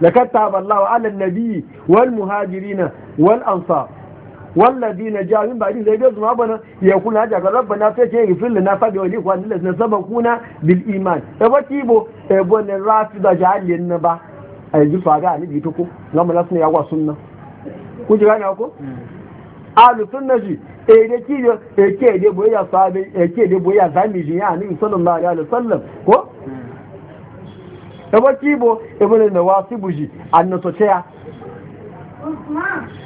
لقد تاب الله على النبي والمهاجرين والأنصار والذين جاءوا من بعدهم زي بيزم ربنا يقول هذا ربنا فيكي يغفر لنا فبي وليكوان الذين سبقونا بالإيمان فبتيبو ابن الرافضة جعل اي أيجي فاقا نبي تكو لما لسنا يوا سنة كنت غاني أكو أهل سنة جي ede kiyo eke de boya sahabe eke de بويا zami jiya صلى الله عليه وسلم ko ebo kibo ebo ne wa sibuji annato ceya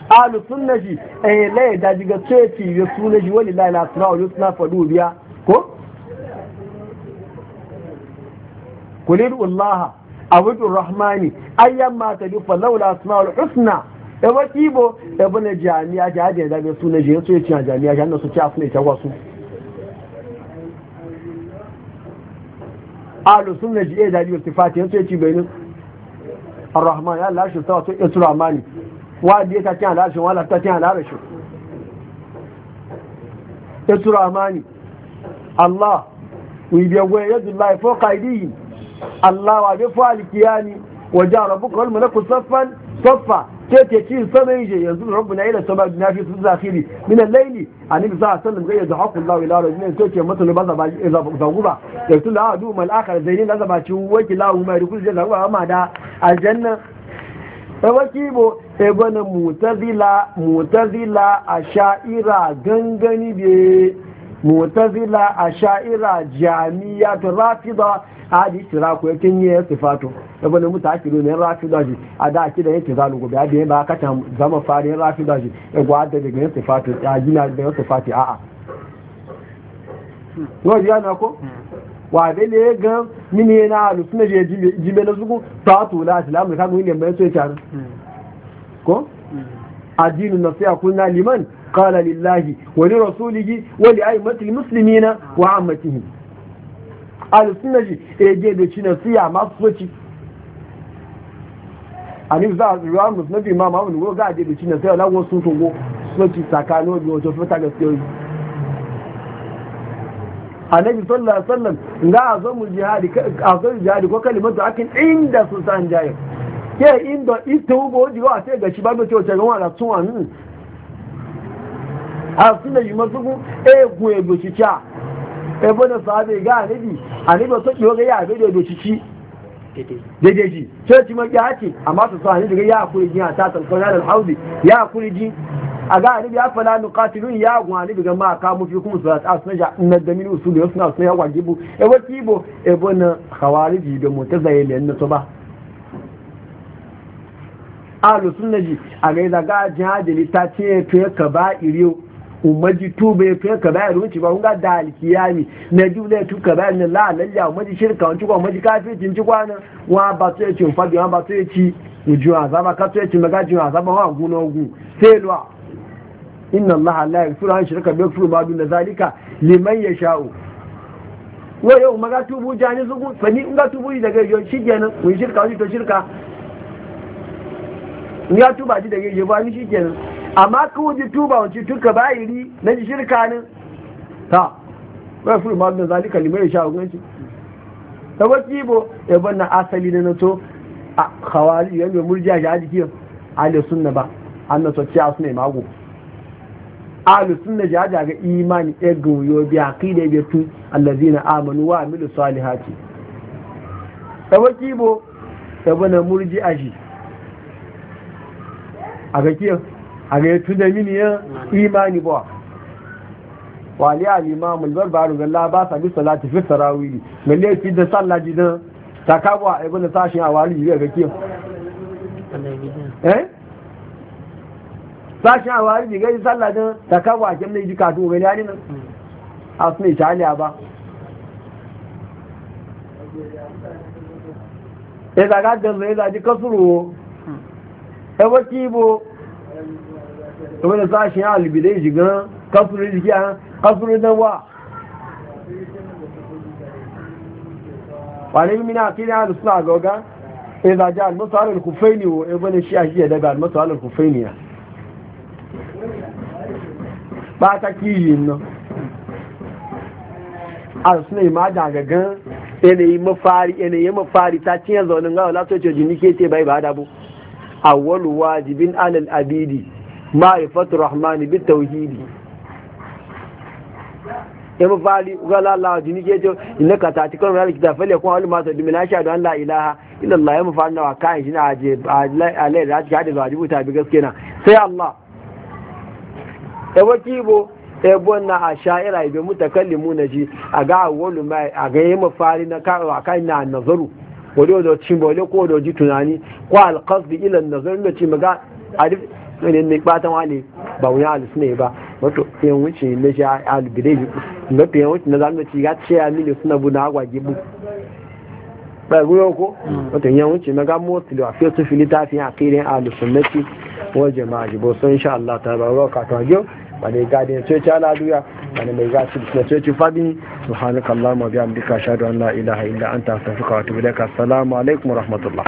alu sunnaji eh la da diga ceci ya wani wallahi la suna wa yusna fadu biya ko kulir Allah, abudu rahmani ayyamma tadu fa laula asmaul husna ebo kibo ebo ne jami'a jami'a da sunaji ya ceci jami'a jami'a su ci afne ta wasu ahlu sunna ji iya dabi wata fati yanzu ya ci bayanin arrahman ya Allah shi sawa to ya tura mani wa da ya tafi ala shi wala tafi ala shi ya tura mani Allah wi biya wa yadu Allah fawqa idihi Allah wa bi fa'al kiyani wa ja rabbuka wal malaku saffan saffa تيتي تشيل سما يجي ينزل ربنا إلى السماء جنافي في الزاخيري من الليل عن النبي صلى الله عليه وسلم غير دعاق الله إلى رجلين تيتي مثل بذا بذا بغضا يقول لا آه، دوما الآخر زينين هذا ما شوك لا آه، وما يقول جل هو ما دا الجنة فوكيبو ابن متزلا متزلا أشائرا غنغني بيه mutazila asha'ira jami'a ta rafida hadi istiraku ya kin yi sifatu yabo ne muta akiru ne rafida ji a da aki da yake zalu gobe abin ba aka zama farin rafida ji ya gwa da daga yin sifatu ya gina da yin sifatu a'a no ya na ko wa da ne ga mini na alusuna je jibe na zugu ta to la islamu ka mu ne mai so ya ko addinu nasiha kunna liman kala lillahi wa li rasulihi wa li aimmatil muslimina wa ammatihi al-sunna ji ege da ci nasiha masu soci ani za a zuwa musnabi ma mamun go ga da ci nasiha la go sun togo soci sakano bi wato fita gaskiya annabi sallallahu alaihi wasallam ga azamul jihadi azamul jihadi ko kalimatu akin inda sultan jahil ke inda ita ugo ji wa sai ga shi ba ce wace gawa da tun anu a suna yi masu kun egu ego shi ebe ebo da sahabe ga anibi anibi so ki ga ya abe da ego shi ci daidai shi sai ci maki haki amma su sa ga ya kuri ji a tatan yanar alhaudi ya kuri ji a ga anibi ya fala nuqatilun ya gun anibi ga ma ka mu fi kuma su a suna na da mini usul ya suna suna ya wajibu ebo kibo ebe na khawariji da mutazayyilin na so ba alu sunna ji a ga da ga jihadi ta ce to ya kaba'iri umaji tuba ya fiye kaba'ir wuce ba kun ga da alkiyami na jule tu kaba'ir na la lalla umaji shirka wanci kwa umaji kafircin ci kwana wa ba su ya ci fadi ba su ya ci a azaba ka su ya ci magajin azaba wa guna ogun sai luwa inna allah la yaghfiru an shirka bi yaghfiru ma dun zalika liman yasha'u wa yau maga tubu jani zugu fani in ga tubu daga yau shi kenan shirka wani to shirka ya tuba ji da ya ba ni shikenan amma ka wuji tuba wace tuka ri na ji shirka ne ta ba su ma da zalika limai sha ci ta waki bo ya banna asali na to a khawari yan da murjiya ya ji kiyo ala sunna ba annan so ciya sunna mago ala sunna ja ja ga imani e yo bi aqida bi tu allazina amanu wa amilu salihati ta waki bo ya banna murjiya shi a ga kiyar a ga yato da miniyan imani ba wali al'imamu albarbaru ga labasa bi salati fi sarawili ga laifi da sallaji ta takawa a da sashen a wali ga kiyar eh sashen a gari ga yi sallajin takawa a kemna ji katon gani a nina a suna italiya ba ya zai ganzu zaji kasuru ẹwọ́ tí ibo ìwọ́n tó ṣe alìbìdé ìṣìgán káfúrú ìṣìgá káfúrú náà wà wà ní mímínà kí ní àdùsùn àgọ́gá ìdàjá àlùmọ́sọ̀ alùkùfẹ́ni wo ẹgbẹ́ ní ṣí àṣíyẹ̀ dẹ́gbà àlùmọ́sọ̀ alùkùfẹ́ni à pàtàkì yìí nà yi ìmájà gẹ̀gán ẹnìyàn mafari ta tí ẹ̀ zọ̀nà ńlá ọ̀lá tó ṣe jù ní kí أول wajibin alal الأبيد ma'rifatu rahmani bit tauhidi yamu fali gala Allah jini ke jo inna ka ta tikon rali kita fale kun halu mata dumi na shahadu an la ilaha illa Allah yamu fali na kan shi na aje alai da ta da wajibu ta bi gaske na sai Allah e bo e bonna a sha'ira ibe mutakallimu na ji a ga mai a ga yamu fali na ka kan na nazaru wani da cin bole ko da ji tunani ko alqasdi ila an-nazar da ci maga duk ne ne batan wani ba wani alis ne ba wato yan wuce na shi albire ji mafi fiye wuce na zamu ci ya ce ya mini suna bu na agwagi bu ba guyo ko wato yan wuce maga motsi da fiye su fili tafiyan akirin alusunnati wa jama'a ji bo sun sha Allah ta baraka katon yau wani gadi na tsoci alaluya wani mai gashi na tsoci fadi mabiya mabika ashhadu an la ilaha illa anta fi wa atubu ka salamu alaikum rahmatullah